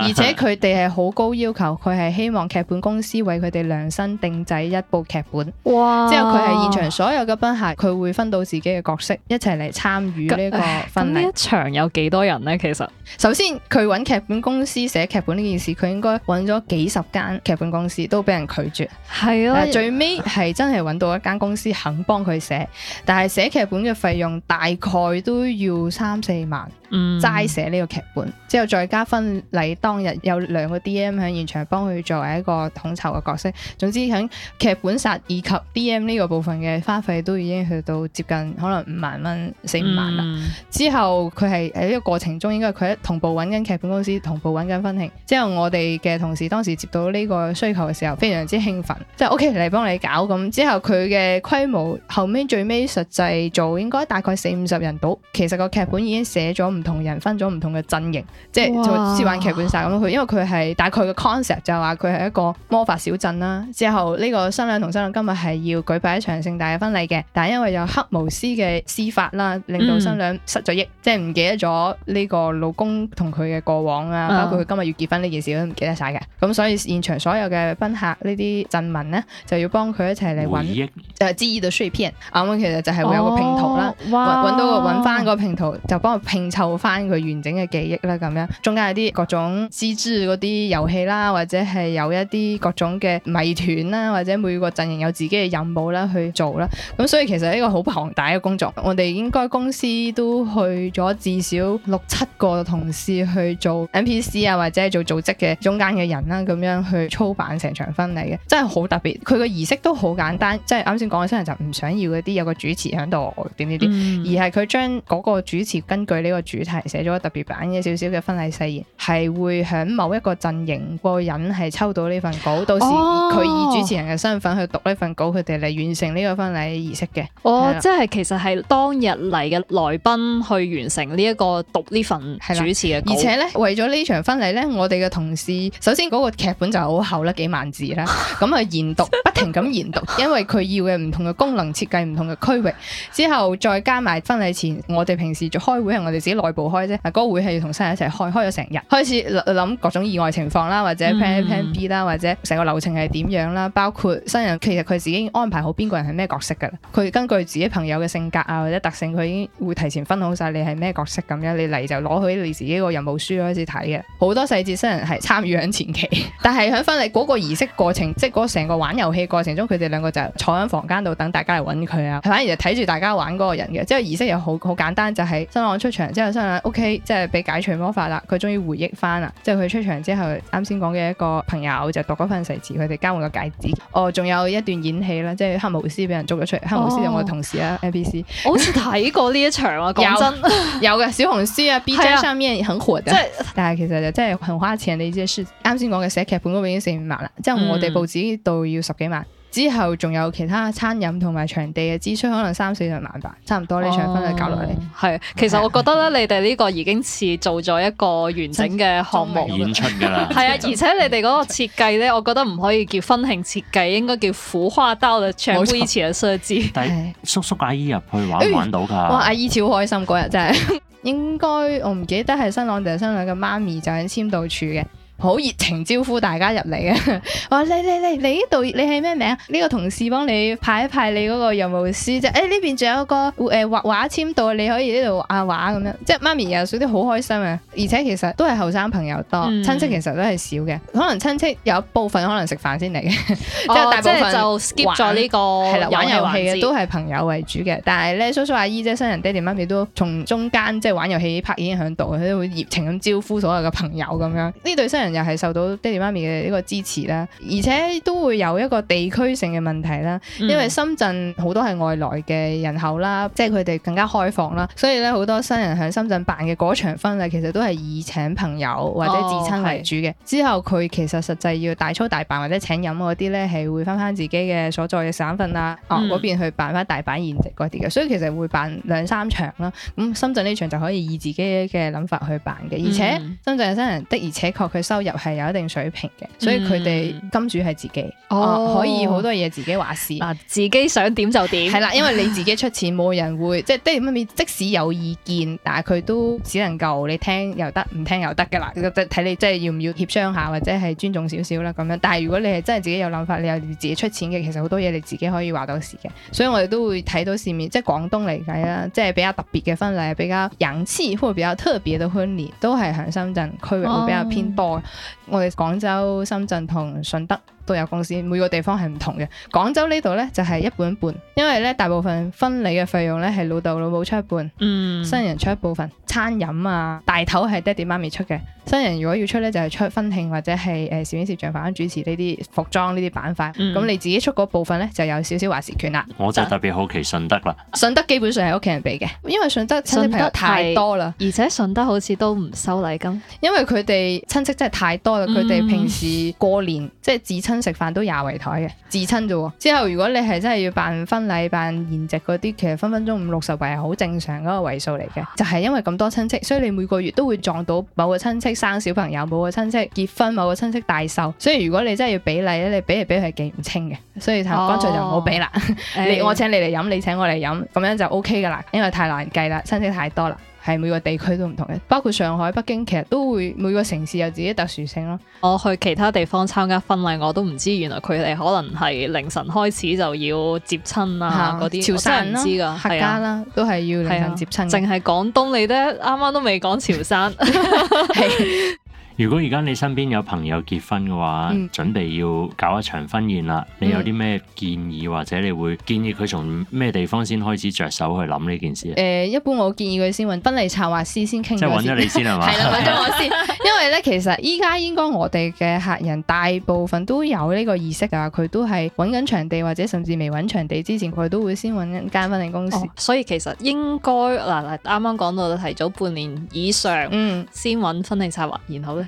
而且佢哋係好高要求，佢係希望劇本公司為佢哋量身定製一部劇本。哇！之後，佢係現場所有嘅賓客，佢會分到自己嘅角色，一齊嚟參與呢個婚禮。啊、一場有幾多人咧？其實首先佢揾劇本公司寫劇本呢件事，佢應該揾咗幾十間劇本公司，都俾人拒絕。係咯，啊。最尾係真係揾到一間公司肯幫佢寫，但係寫劇本嘅費用大概都要三四萬。嗯。齋寫呢個劇。劇本之後再加婚禮當日有兩個 D.M. 喺現場幫佢作為一個統籌嘅角色。總之喺劇本殺以及 D.M. 呢個部分嘅花費都已經去到接近可能五萬蚊，四五萬啦。嗯、之後佢係喺呢個過程中，應該佢同步揾緊劇本公司，同步揾緊婚慶。之後我哋嘅同事當時接到呢個需求嘅時候，非常之興奮，即係 O.K. 嚟幫你搞。咁之後佢嘅規模後面最尾實際做應該大概四五十人到。其實個劇本已經寫咗唔同人分咗唔同嘅。陣營，即係就似玩劇本殺咁佢，哇因為佢係大概嘅 concept 就係話佢係一個魔法小鎮啦。之後呢個新娘同新娘今日係要舉辦一場盛大嘅婚禮嘅，但係因為有黑巫師嘅施法啦，令到新娘失咗憶，嗯、即係唔記得咗呢個老公同佢嘅過往啊，包括佢今日要結婚呢件事都唔記得晒嘅。咁、嗯、所以現場所有嘅賓客呢啲鎮民呢，就要幫佢一齊嚟回憶，誒億，記憶度碎片。啱、嗯、啱其實就係會有個拼圖啦，揾、哦、到揾翻個拼圖就幫佢拼湊翻佢完整嘅記憶啦，咁樣中間有啲各種蜘蛛嗰啲遊戲啦，或者係有一啲各種嘅謎團啦，或者每個陣營有自己嘅任務啦去做啦。咁所以其實呢個好龐大嘅工作，我哋應該公司都去咗至少六七個同事去做 NPC 啊，或者係做組織嘅中間嘅人啦、啊，咁樣去操辦成場婚禮嘅，真係好特別。佢個儀式都好簡單，即係啱先講嘅新人就唔想要嗰啲有個主持響度點呢啲，嗯、而係佢將嗰個主持根據呢個主題寫咗特別版。簡嘅少少嘅婚禮誓言係會響某一個陣營個人係抽到呢份稿，到時佢以主持人嘅身份去讀呢份稿，佢哋嚟完成呢個婚禮儀式嘅。哦，的即係其實係當日嚟嘅來賓去完成呢一個讀呢份主持嘅。而且咧，為咗呢場婚禮咧，我哋嘅同事首先嗰個劇本就好厚啦，幾萬字啦，咁啊研讀，不停咁研讀， <laughs> 因為佢要嘅唔同嘅功能設計，唔同嘅區域，之後再加埋婚禮前我哋平時做開會係我哋自己內部開啫，嗰、嗰個會。要同新人一齊開，開咗成日，開始諗各種意外情況啦，或者 plan、嗯、plan B 啦，或者成個流程係點樣啦，包括新人其實佢自己已經安排好邊個人係咩角色噶啦，佢根據自己朋友嘅性格啊或者特性，佢已經會提前分好晒你係咩角色咁樣，你嚟就攞佢你自己個任務書開始睇嘅，好多細節新人係參與響前期，但係響婚禮嗰個儀式過程，即係嗰成個玩遊戲過程中，佢哋兩個就坐喺房間度等大家嚟搵佢啊，反而就睇住大家玩嗰個人嘅，即係儀式又好好簡單，就係、是、新郎出場之後，新郎 OK 即係。解除魔法啦！佢終於回憶返啦，即係佢出場之後，啱先講嘅一個朋友就讀嗰份誓詞，佢哋交換個戒指。哦，仲有一段演戲啦，即係黑巫師俾人捉咗出嚟，哦、黑巫師就我同事啦，ABC。哦、NPC 我好似睇過呢一場啊，講真有嘅 <laughs> 小紅書啊，B 站上面很火嘅，啊就是、但係其實就真係很花錢的這些事。你知啱先講嘅寫劇本都已經四五萬啦，嗯、即係我哋報紙度要十幾萬。之後仲有其他餐飲同埋場地嘅支出，可能三四十萬吧，差唔多呢場婚禮就搞落嚟。係、哦，其實我覺得咧，你哋呢個已經似做咗一個完整嘅項目演出㗎啦。係啊， <laughs> 而且你哋嗰個設計咧，我覺得唔可以叫婚慶設計， <laughs> 應該叫苦花刀嘅長輩似嘅設計。但係叔叔阿姨入去玩唉玩到㗎？哇！阿姨超開心嗰日真係， <laughs> 應該我唔記得係新郎定係新娘嘅媽咪就喺簽到處嘅。好熱情招呼大家入嚟啊！哇、哦，你你你你呢度你係咩名？呢、呢個同事幫你派一派你嗰個任務書，即係呢邊仲有一個誒畫畫簽到，你可以呢度畫畫咁樣。即係媽咪有少啲好開心啊，而且其實都係後生朋友多，嗯、親戚其實都係少嘅。可能親戚有一部分可能食飯先嚟嘅，即係、哦、 <laughs> 大部分就 skip 咗呢、哦、玩個遊玩，玩遊戲嘅都係朋友為主嘅。但係咧，叔叔阿姨即係新人爹地，爹哋媽咪都從中間即係玩遊戲拍影響度，佢都會熱情咁招呼所有嘅朋友咁樣。呢對新人。又係受到爹哋媽咪嘅一個支持啦，而且都會有一個地區性嘅問題啦。因為深圳好多係外來嘅人口啦，嗯、即係佢哋更加開放啦，所以咧好多新人喺深圳辦嘅嗰場婚禮，其實都係以請朋友或者至親為主嘅。哦、之後佢其實實際要大操大辦或者請飲嗰啲咧，係會翻翻自己嘅所在嘅省份啊嗰邊去辦翻大擺宴席嗰啲嘅。所以其實會辦兩三場啦。咁深圳呢場就可以以自己嘅諗法去辦嘅，而且深圳嘅新人的而且確佢收。收入係有一定水平嘅，所以佢哋金主係自己，嗯哦、可以好多嘢自己話事，自己想點就點。係啦，因為你自己出錢，冇 <laughs> 人會即係即使有意見，但係佢都只能夠你聽又得，唔聽又得嘅啦。即睇你即係要唔要協商下，或者係尊重少少啦咁樣。但係如果你係真係自己有諗法，你又自己出錢嘅，其實好多嘢你自己可以話到事嘅。所以我哋都會睇到市面，即係廣東嚟計啦，即係比較特別嘅婚禮，比較洋氣或者比較特別嘅婚禮，都係喺深圳區域會比較偏多。哦。我哋廣州、深圳同順德。都有公司，每個地方係唔同嘅。廣州呢度呢，就係、是、一半一半，因為呢大部分婚禮嘅費用呢，係老豆老母出一半，嗯、新人出一部分。餐飲啊，大頭係爹哋媽咪出嘅。新人如果要出呢，就係、是、出婚慶或者係誒、呃、攝影攝像法、法官主持呢啲服裝呢啲板塊。咁、嗯、你自己出嗰部分呢，就有少少話事權啦。我就特別好奇順德啦，順德基本上係屋企人俾嘅，因為順德親戚朋友太多啦，而且順德好似都唔收禮金，因為佢哋親戚真係太多啦，佢哋平時過年、嗯、即係至親。食飯都廿圍台嘅至親啫，之後如果你係真係要辦婚禮、辦宴席嗰啲，其實分分鐘五六十圍係好正常嗰個位數嚟嘅，就係、是、因為咁多親戚，所以你每個月都會撞到某個親戚生小朋友、某個親戚結婚、某個親戚大壽，所以如果你真係要俾禮咧，你俾嚟俾去係計唔清嘅，所以就乾脆就唔好俾啦。Oh. <laughs> 你我請你嚟飲，你請我嚟飲，咁樣就 OK 噶啦，因為太難計啦，親戚太多啦。係每個地區都唔同嘅，包括上海、北京，其實都會每個城市有自己特殊性咯。我去其他地方參加婚禮，我都唔知原來佢哋可能係凌晨開始就要接親啊嗰啲，啊、些潮汕人、啊、知噶，客家啦係、啊、都係要凌晨接親。淨係廣東你都啱啱都未講潮汕。 <laughs> <laughs> 如果而家你身邊有朋友結婚嘅話，嗯、準備要搞一場婚宴啦，你有啲咩建議，嗯、或者你會建議佢從咩地方先開始着手去諗呢件事？誒、呃，一般我建議佢先揾婚禮策劃師先傾。即係揾咗你先係嘛？係啦， <laughs> 揾咗我先， <laughs> 因為咧，其實依家應該我哋嘅客人大部分都有呢個意識，啊。佢都係揾緊場地，或者甚至未揾場地之前，佢都會先揾一間婚禮公司，哦。所以其實應該嗱嗱，啱啱講到提早半年以上，嗯，先揾婚禮策劃，然後咧。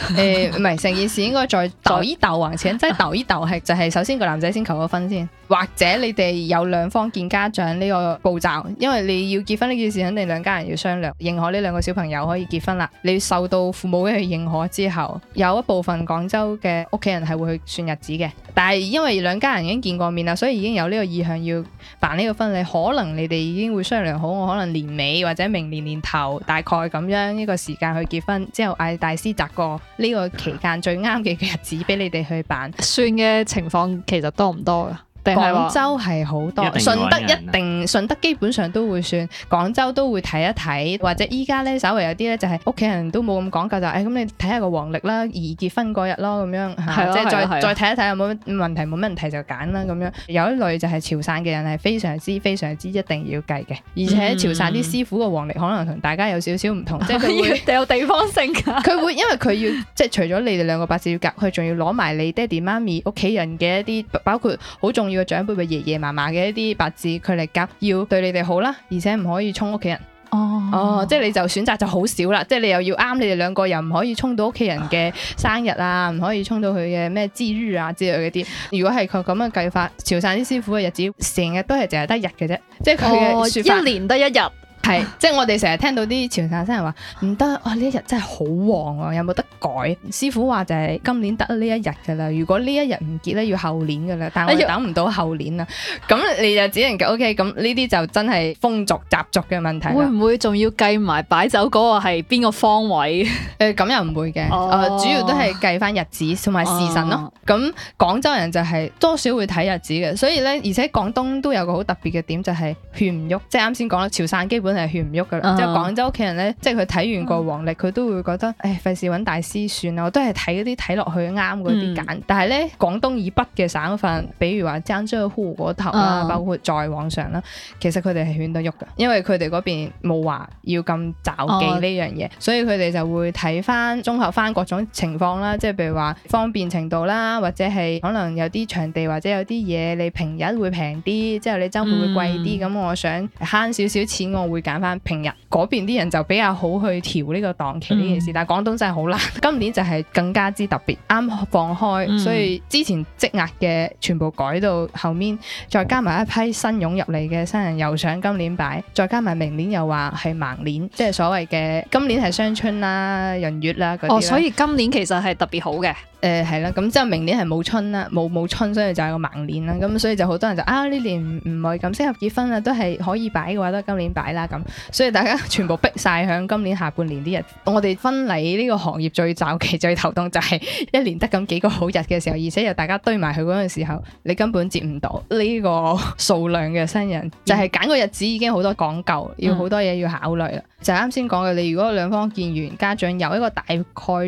<laughs> 誒，唔係成件事應該再斗一 <laughs> 斗還錢，即係斗一斗係就係、是、首先個男仔先求個婚先，或者你哋有兩方見家長呢個步驟，因為你要結婚呢件事肯定兩家人要商量認可呢兩個小朋友可以結婚啦。你受到父母嘅認可之後，有一部分廣州嘅屋企人係會去算日子嘅，但係因為兩家人已經見過面啦，所以已經有呢個意向要辦呢個婚禮，可能你哋已經會商量好，我可能年尾或者明年年頭大概咁樣呢、這個時間去結婚，之後嗌大師擇個。呢個期間最啱嘅日子，俾你哋去辦算的，算嘅情況其實多唔多？定廣州係好多，順德一定，順德基本上都會算，廣州都會睇一睇，或者依家咧稍微有啲咧就係屋企人都冇咁講究，就誒咁、哎、你睇下個黃歷啦，而結婚嗰日咯咁樣，即係的再再睇一睇有冇問題，冇咩問題就揀啦咁樣。有一類就係潮汕嘅人係非常之非常之一定要計嘅，而且潮汕啲師傅個黃歷可能同大家有少少唔同，即係佢會有地方性㗎。佢會因為佢要 <laughs> 即係除咗你哋兩個八字要夾，佢仲要攞埋你爹哋媽咪屋企人嘅一啲，包括好重。.要長輩嘅爺爺嫲嫲嘅一啲八字，佢嚟夾，要對你哋好啦，而且唔可以沖屋企人。哦、oh. 哦，即係你選擇就選擇就好少啦，即係你又要啱你哋兩個，又唔可以沖到屋企人嘅生日、oh. 啊，唔可以沖到佢嘅咩之餘啊之類嗰啲。如果係佢咁嘅計法，潮汕啲師傅嘅日子成日都係淨係得日嘅啫，即係佢嘅說法一年得一日。Oh, 嗯係，即係我哋成日聽到啲潮汕新人話唔得，我呢、哦、一日真係好旺喎、啊，有冇得改？師傅話就係今年得呢一日㗎啦，如果呢一日唔結咧，要後年㗎啦。但我等唔到後年喇，咁要你就只能夠 OK。咁呢啲就真係風俗習俗嘅問題。會唔會仲要計埋擺酒嗰個係邊個方位？咁又唔會嘅、oh. 呃，主要都係計返日子同埋時辰咯。咁、oh. 廣州人就係多少會睇日子嘅，所以呢，而且廣東都有個好特別嘅點，就係勸唔喐，即係啱先講啦，潮汕基本。真係勸唔喐噶啦，即係廣州屋企人咧，uh huh. 即係佢睇完個黃曆，佢、uh huh. 都會覺得，誒，費事揾大師算啊，我都係睇嗰啲睇落去啱嗰啲揀。Mm hmm. 但係咧，廣東以北嘅省份，比如話漳州、湖嗰頭啦，uh huh. 包括再往上啦，其實佢哋係勸得喐噶，因為佢哋嗰邊冇話要咁詐忌呢樣嘢，uh huh. 所以佢哋就會睇翻綜合翻各種情況啦，即係譬如話方便程度啦，或者係可能有啲場地或者有啲嘢，你平日會平啲，即係你周末會貴啲，咁、mm hmm. 我想慳少少錢，我會。揀翻平日嗰邊啲人就比較好去調呢個檔期呢件事，嗯、但係廣東真係好難。今年就係更加之特別，啱放開，所以之前積壓嘅全部改到後面，再加埋一批新湧入嚟嘅新人又想今年擺，再加埋明年又話係盲年，即係所謂嘅今年係雙春啦，閏月啦嗰啲啦。哦，所以今年其實係特別好嘅。誒、呃，係啦，咁之後明年係冇春啦，冇冇春，所以就係個盲年啦。咁所以就好多人就說啊呢年唔會咁適合結婚啦，都係可以擺嘅話都係今年擺啦。咁，所以大家全部逼晒響今年下半年啲日子，我哋婚禮呢個行業最早期、最頭痛就係一年得咁幾個好日嘅時候，而且又大家堆埋去嗰陣時候，你根本接唔到呢個數量嘅新人，嗯、就係揀個日子已經好多講究，要好多嘢要考慮啦。嗯、就係啱先講嘅，你如果兩方見完家長，有一個大概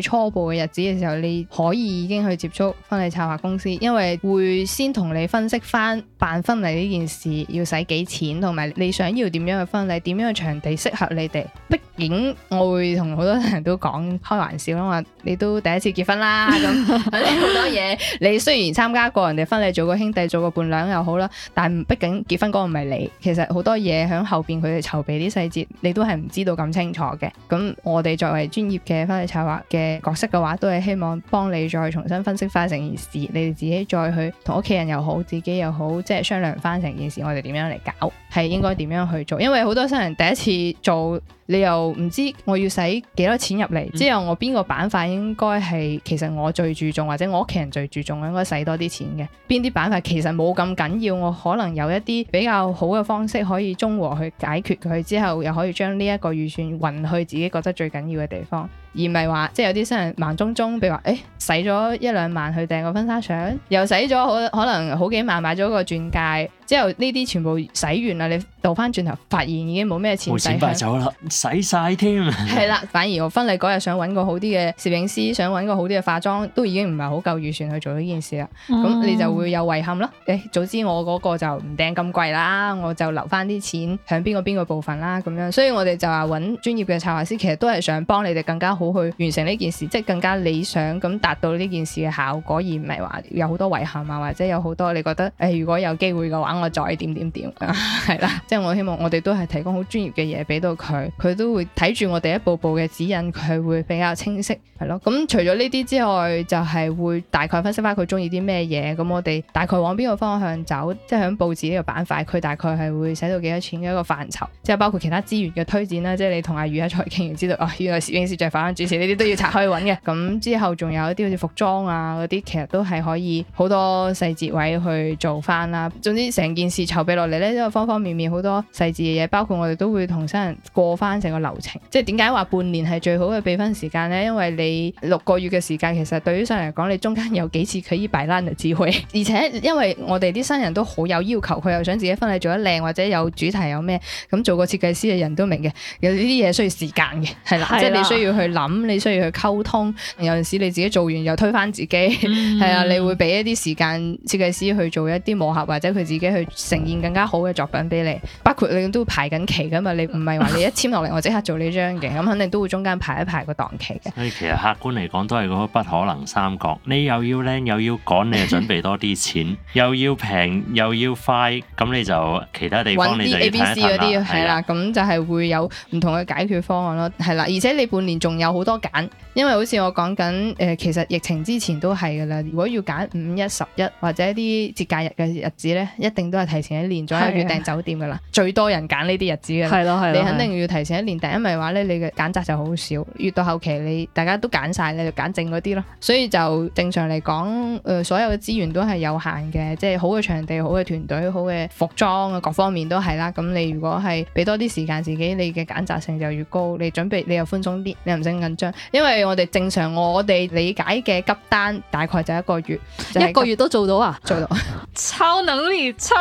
初步嘅日子嘅時候，你可以已經去接觸婚禮策劃公司，因為會先同你分析翻辦婚禮呢件事要使幾錢，同埋你想要點樣嘅婚禮點樣嘅場地適合你哋？畢竟我會同好多人都講開玩笑啦，話你都第一次結婚啦，咁好 <laughs> 多嘢。你雖然參加過人哋婚禮，做個兄弟、做個伴娘又好啦，但畢竟結婚嗰個唔係你。其實好多嘢響後邊佢哋籌備啲細節，你都係唔知道咁清楚嘅。咁我哋作為專業嘅婚禮策劃嘅角色嘅話，都係希望幫你再重新分析翻成件事，你哋自己再去同屋企人又好，自己又好，即係商量翻成件事，我哋點樣嚟搞，係應該點樣去做？因為好多新第一次做，你又唔知我要使幾多錢入嚟，之、嗯、後我邊個板塊應該係其實我最注重，或者我屋企人最注重，應該使多啲錢嘅。邊啲板塊其實冇咁緊要，我可能有一啲比較好嘅方式可以中和去解決佢，之後又可以將呢一個預算運去自己覺得最緊要嘅地方，而唔係話即係有啲新人盲中中，比如話誒，使咗一兩萬去訂個婚紗相，又使咗好可能好幾萬買咗個鑽戒。之後呢啲全部洗完啦，你倒翻轉頭發現已經冇咩錢使，冇錢香走啦，使晒添。係 <laughs> 啦，反而我婚禮嗰日想搵個好啲嘅攝影師，想搵個好啲嘅化妝，都已經唔係好夠預算去做呢件事啦。咁、嗯、你就會有遺憾啦。誒、哎，早知我嗰個就唔訂咁貴啦，我就留翻啲錢響邊個邊個部分啦。咁樣，所以我哋就話搵專業嘅策劃師，其實都係想幫你哋更加好去完成呢件事，即係更加理想咁達到呢件事嘅效果，而唔係話有好多遺憾啊，或者有好多你覺得誒、哎，如果有機會嘅話。 <music> 再點點點啊，係、嗯、啦，即係我希望我哋都係提供好專業嘅嘢俾到佢，佢都會睇住我哋一步步嘅指引，佢會比較清晰，係咯。咁除咗呢啲之外，就係、是、會大概分析翻佢中意啲咩嘢，咁我哋大概往邊個方向走，即係響布置呢個板塊，佢大概係會使到幾多錢嘅一個範疇，即係包括其他資源嘅推薦啦，即係你同阿雨一財傾完知道，哦，原來攝影師再反主持呢啲都要拆開揾嘅。咁 <laughs> 之後仲有一啲好似服裝啊嗰啲，其實都係可以好多細節位去做翻啦。總之成件事籌備落嚟呢，都係方方面面好多細緻嘅嘢，包括我哋都會同新人過翻成個流程。即係點解話半年係最好嘅備婚時間呢？因為你六個月嘅時間，其實對於新人嚟講，你中間有幾次可以擺爛嘅機會。而且因為我哋啲新人都好有要求，佢又想自己婚禮做得靚，或者有主題有咩，咁做個設計師嘅人都明嘅。有呢啲嘢需要時間嘅，係啦，的即係你需要去諗，你需要去溝通，有時你自己做完又推翻自己，係啊、嗯，你會俾一啲時間設計師去做一啲磨合，或者佢自己。去呈現更加好嘅作品俾你，包括你都排緊期噶嘛？你唔係話你一簽落嚟我即刻做呢張嘅，咁 <laughs> 肯定都會中間排一排個檔期嘅。所以其實客觀嚟講，都係嗰個不可能三角，你又要靚又要趕，你準準備多啲錢， <laughs> 又要平又要快，咁你就其他地方你就揾啲 A B C 嗰啲，係啦，咁就係會有唔同嘅解決方案咯，係啦，而且你半年仲有好多揀，因為好似我講緊、呃、其實疫情之前都係噶啦，如果要揀五一十一或者啲節假日嘅日子咧，一定。都係提前一年咗，預訂酒店噶啦，的最多人揀呢啲日子嘅係咯，係你肯定要提前一年訂，因為咪話咧，你嘅揀擇就好少。越到後期，你大家都揀晒你就揀剩嗰啲咯。所以就正常嚟講，誒、呃，所有嘅資源都係有限嘅，即係好嘅場地、好嘅團隊、好嘅服裝啊，各方面都係啦。咁你如果係俾多啲時間自己，你嘅揀擇性就越高。你準備你又寬鬆啲，你又唔使緊張。因為我哋正常我哋理解嘅急單，大概就一個月，就是、一個月都做到啊，做到最多 超能力。 <laughs>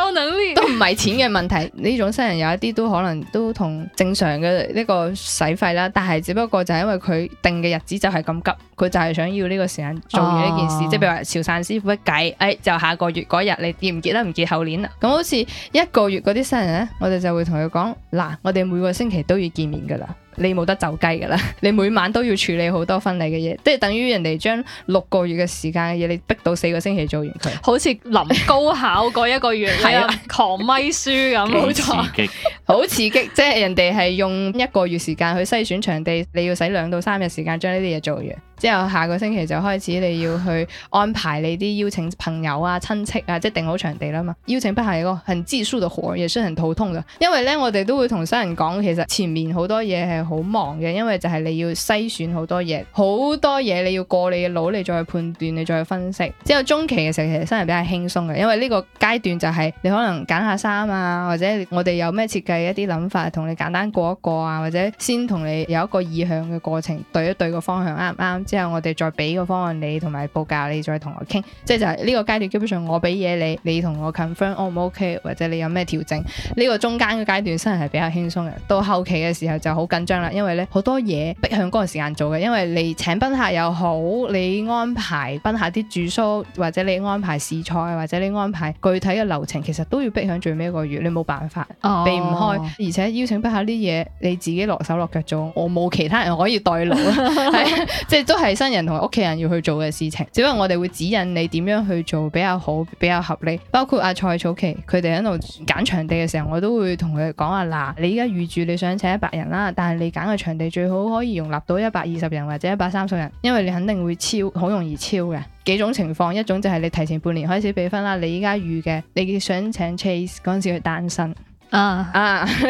都唔係錢嘅問題，呢種新人有一啲都可能都同正常嘅呢個使費啦，但係只不過就係因為佢定嘅日子就係咁急，佢就係想要呢個時間做完呢件事。即係、啊、譬如話潮汕師傅一計，誒、哎、就下個月嗰日你結唔結得唔結後年啦。咁好似一個月嗰啲新人咧，我哋就會同佢講嗱，我哋每個星期都要見面㗎啦。你冇得走雞㗎啦！你每晚都要處理好多婚禮嘅嘢，即係等於人哋將六個月嘅時間嘅嘢，你逼到四個星期做完佢，好似臨高考嗰一個月， <laughs> 是啊、你又狂咪書咁，好刺激，好刺激！ <laughs> 即係人哋係用一個月時間去篩選場地，你要使兩到三日時間將呢啲嘢做完，之後下個星期就開始你要去安排你啲邀請朋友啊、親戚啊，即係定好場地啦嘛。邀請賓客係一個很技術嘅活，也是很頭痛嘅，因為呢，我哋都會同新人講，其實前面好多嘢係，好忙嘅，因為就係你要篩選好多嘢，好多嘢你要過你嘅腦，你再去判斷，你再去分析。之後中期嘅時候其實真係比較輕鬆嘅因為呢個階段就係你可能揀下衫啊，或者我哋有咩設計一啲諗法，同你簡單過一過啊，或者先同你有一個意向嘅過程，對一對個方向啱唔啱，之後我哋再俾個方案你，同埋報價你再同我傾，即係就係呢個階段基本上我俾嘢你東西，你同我 confirm O、哦、唔 O、okay, K，或者你有咩調整，呢、這個中間嘅階段真人係比較輕鬆嘅到後期嘅時候就好緊張。因為咧好多嘢逼向嗰個時間做嘅，因為你請賓客又好，你安排賓客啲住宿或者你安排試菜或者你安排具體嘅流程，其實都要逼向最尾一個月，你冇辦法、哦、避唔開。而且邀請賓客啲嘢你自己落手落腳做，我冇其他人可以代勞，係即係都係新人同屋企人要去做嘅事情。只不過我哋會指引你點樣去做比較好、比較合理。包括阿、啊、蔡草琪佢哋喺度揀場地嘅時候，我都會同佢講啊嗱，你而家預住你想請一百人啦，但係你揀嘅場地最好可以容納到一百二十人或者一百三十人，因為你肯定會超，好容易超嘅。幾種情況，一種就係你提前半年開始備婚啦，你依家預嘅，你想請 Chase 嗰陣時去單身。啊啊！問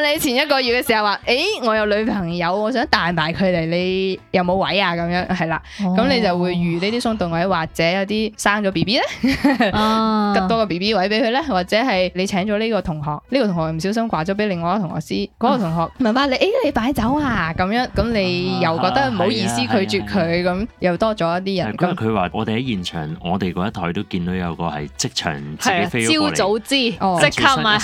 你、uh, <laughs> 前一個月嘅時候話、欸，我有女朋友，我想帶埋佢嚟，你有冇位啊？咁樣係啦，咁、oh. 你就會預呢啲鬆動位，或者有啲生咗 B B 咧，吉 <laughs> 多個 B B 位俾佢咧，或者係你請咗呢個同學，呢、這個同學唔小心掛咗俾另外一個同學知，嗰、那個同學咪話、uh. 哎、你誒你擺酒啊？咁樣咁你又覺得唔好意思拒絕佢，咁、uh. uh. uh. 又多咗一啲人。咁佢話我哋喺現場，我哋嗰一台都見到有個係職場自己飛咗嚟早知即、oh. 刻買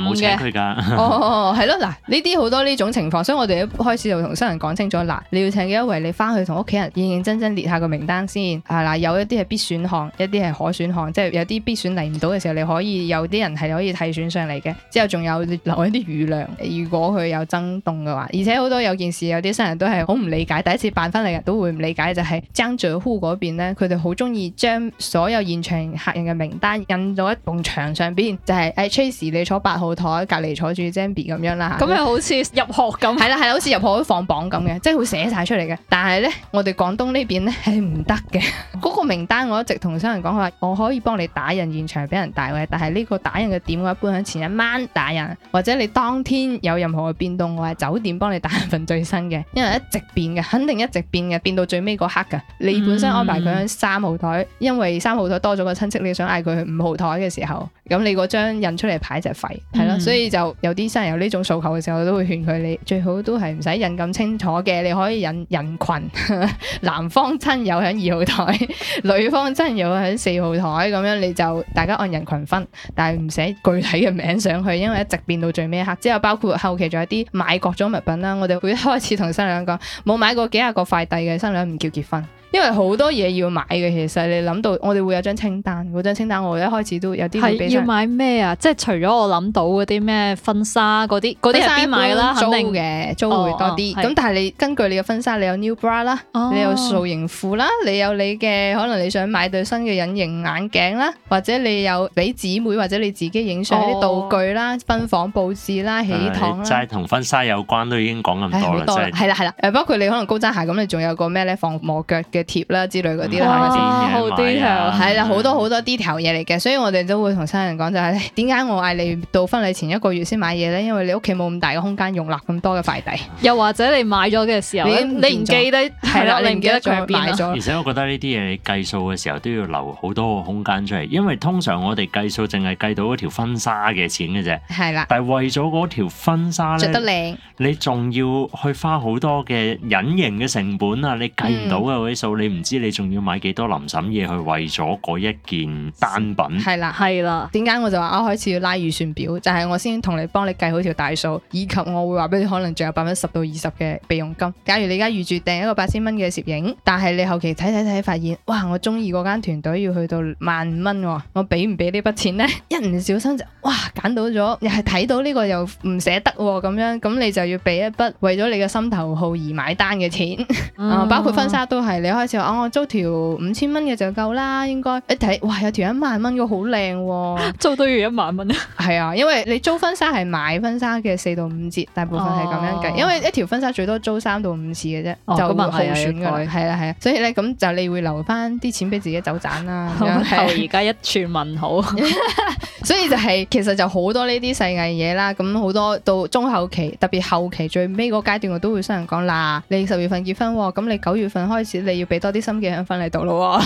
冇請佢㗎，哦、oh, oh, oh, oh, <laughs> 係咯，嗱，呢啲好多呢種情況，所以我哋一開始就同新人講清楚，嗱， <laughs> 你要請幾多位，你翻去同屋企人認認真真列下個名單先，係啦，有一啲係必選項，一啲係可選項，即係有啲必選嚟唔到嘅時候，你可以有啲人係可以替選上嚟嘅，之後仲有留一啲餘量，如果佢有爭動嘅話，而且好多有件事，有啲新人都係好唔理解，第一次辦婚禮人都會唔理解，就係將嘴，呼嗰邊咧，佢哋好中意將所有現場客人嘅名單印到一棟牆上邊，就係 hey, Trace，你坐八號台隔籬坐住 Jammy 咁樣啦，咁啊好似入學咁，係啦係啦，好似入學放榜咁嘅，即係會寫晒出嚟嘅。但係呢，我哋廣東呢邊呢係唔得嘅。嗰 <laughs> 個名單我一直同新人講話，我可以幫你打印現場俾人帶位，但係呢個打印嘅點我一般喺前一晚打印，或者你當天有任何嘅變動，我喺酒店幫你打印份最新嘅，因為一直變嘅，肯定一直變嘅，變到最尾嗰刻噶，你本身安排佢喺三號台，嗯、因為三號台多咗個親戚，你想嗌佢去五號台嘅時候，咁你嗰張印出嚟牌就係廢。係咯，所以就有啲新人有呢種訴求嘅時候，我都會勸佢你最好都係唔使印咁清楚嘅，你可以引人群，男方親友喺二號台，女方親友喺四號台咁樣，你就大家按人群分，但係唔寫具體嘅名上去，因為一直變到最尾一刻，之後包括後期仲有啲買各種物品啦，我哋會開始同新娘講，冇買過幾廿個快遞嘅新娘唔叫結婚。因為好多嘢要買嘅，其實你諗到我哋會有張清單，嗰張清單我一開始都有啲係要買咩啊？即係除咗我諗到嗰啲咩婚紗嗰啲，嗰啲衫邊買啦？租嘅定，租會多啲。咁、哦哦、但係你根據你嘅婚紗，你有 new bra 啦、哦，你有塑形褲啦，你有你嘅可能你想買對新嘅隱形眼鏡啦，或者你有俾姊妹或者你自己影相啲道具啦、婚、哦、房布置啦、喜糖啦，齋同婚紗有關都已經講咁多啦，係啦係啦。誒，包括你可能高踭鞋，咁你仲有個咩咧？防磨腳嘅。貼啦之類嗰啲啦，係啦，好多好多 detail 嘢嚟嘅，所以我哋都會同新人講就係點解我嗌你到婚禮前一個月先買嘢咧？因為你屋企冇咁大嘅空間容納咁多嘅快遞，又或者你買咗嘅時候，你唔記得係咯，你唔記得咗。而且我覺得呢啲嘢你計數嘅時候都要留好多個空間出嚟，因為通常我哋計數淨係計到嗰條婚紗嘅錢嘅啫，係啦。但係為咗嗰條婚紗咧，著得靚，你仲要去花好多嘅隱形嘅成本啊！你計唔到嘅嗰啲數。你唔知你仲要買幾多林審嘢，去為咗嗰一件單品？係啦，係啦。點解我就話我開始要拉預算表，就係、是、我先同你幫你計好條大數，以及我會話俾你可能仲有百分之十到二十嘅備用金。假如你而家預住訂一個八千蚊嘅攝影，但係你後期睇睇睇發現，哇，我中意嗰間團隊要去到萬五蚊，我俾唔俾呢筆錢咧？一唔小心就哇揀到咗，你係睇到呢個又唔捨得咁樣，咁你就要俾一筆為咗你嘅心頭好而買單嘅錢，嗯、 <laughs> 包括婚紗都係你。開始話我、哦、租條五千蚊嘅就夠啦，應該一睇，哇有條一萬蚊嘅好靚，哦、租都要一萬蚊啊！係啊，因為你租婚紗係買婚紗嘅四到五折，大部分係咁樣計，哦、因為一條婚紗最多租三到五次嘅啫，哦、就咁好選，係啦係啊，所以咧咁就你會留翻啲錢俾自己走盞啦，而家一串問號， <laughs> <laughs> 所以就係、是、其實就好多呢啲細藝嘢啦，咁好多到中後期，特別後期最尾嗰階段，我都會新人講啦，你十月份結婚，咁你九月份開始你要俾多啲心機喺婚禮度咯，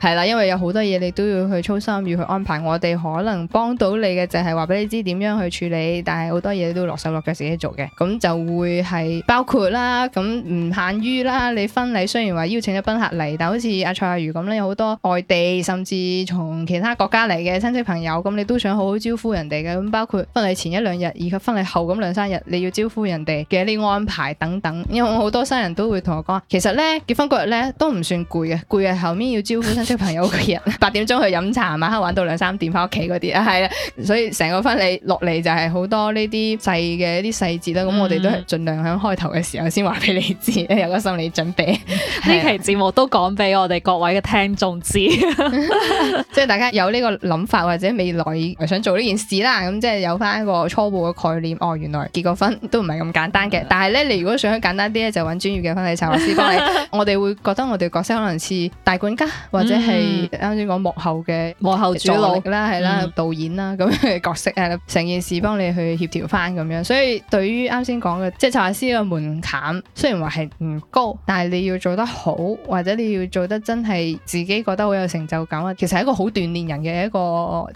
係 <laughs> 啦，因為有好多嘢你都要去操心，要去安排。我哋可能幫到你嘅就係話俾你知點樣去處理，但係好多嘢都要落手落腳自己做嘅，咁就會係包括啦，咁唔限於啦。你婚禮雖然話邀請咗賓客嚟，但好似阿蔡阿如咁咧，有好多外地甚至從其他國家嚟嘅親戚朋友，咁你都想好好招呼人哋嘅。咁包括婚禮前一兩日，以及婚禮後咁兩三日，你要招呼人哋嘅你安排等等。因為我好多新人都會同我講，其實咧結婚嗰日咧都唔算攰嘅，攰嘅後面要招呼親戚朋友嘅人，八點鐘去飲茶，晚黑玩到兩三點翻屋企嗰啲啊，係啊，所以成個婚禮落嚟就係好多呢啲細嘅一啲細節啦。咁、嗯、我哋都係盡量喺開頭嘅時候先話俾你知，有個心理準備。呢、嗯、的期節目都講俾我哋各位嘅聽眾知道，即 <laughs> 係 <laughs> 大家有呢個諗法或者未來想做呢件事啦，咁即係有翻一個初步嘅概念。哦，原來結個婚都唔係咁簡單嘅，嗯、但係咧你如果想簡單啲咧，就揾專業嘅婚禮策劃師幫你。 <laughs> 我哋會覺得我。我哋角色可能似大管家，或者係啱先講幕後嘅幕後主腦啦，係啦導演啦咁嘅、嗯、角色，成件事幫你去協調翻咁樣，所以對於啱先講嘅即係策劃師嘅門檻，雖然話係唔高，但係你要做得好，或者你要做得真係自己覺得好有成就感啊，其實係一個好鍛煉人嘅一個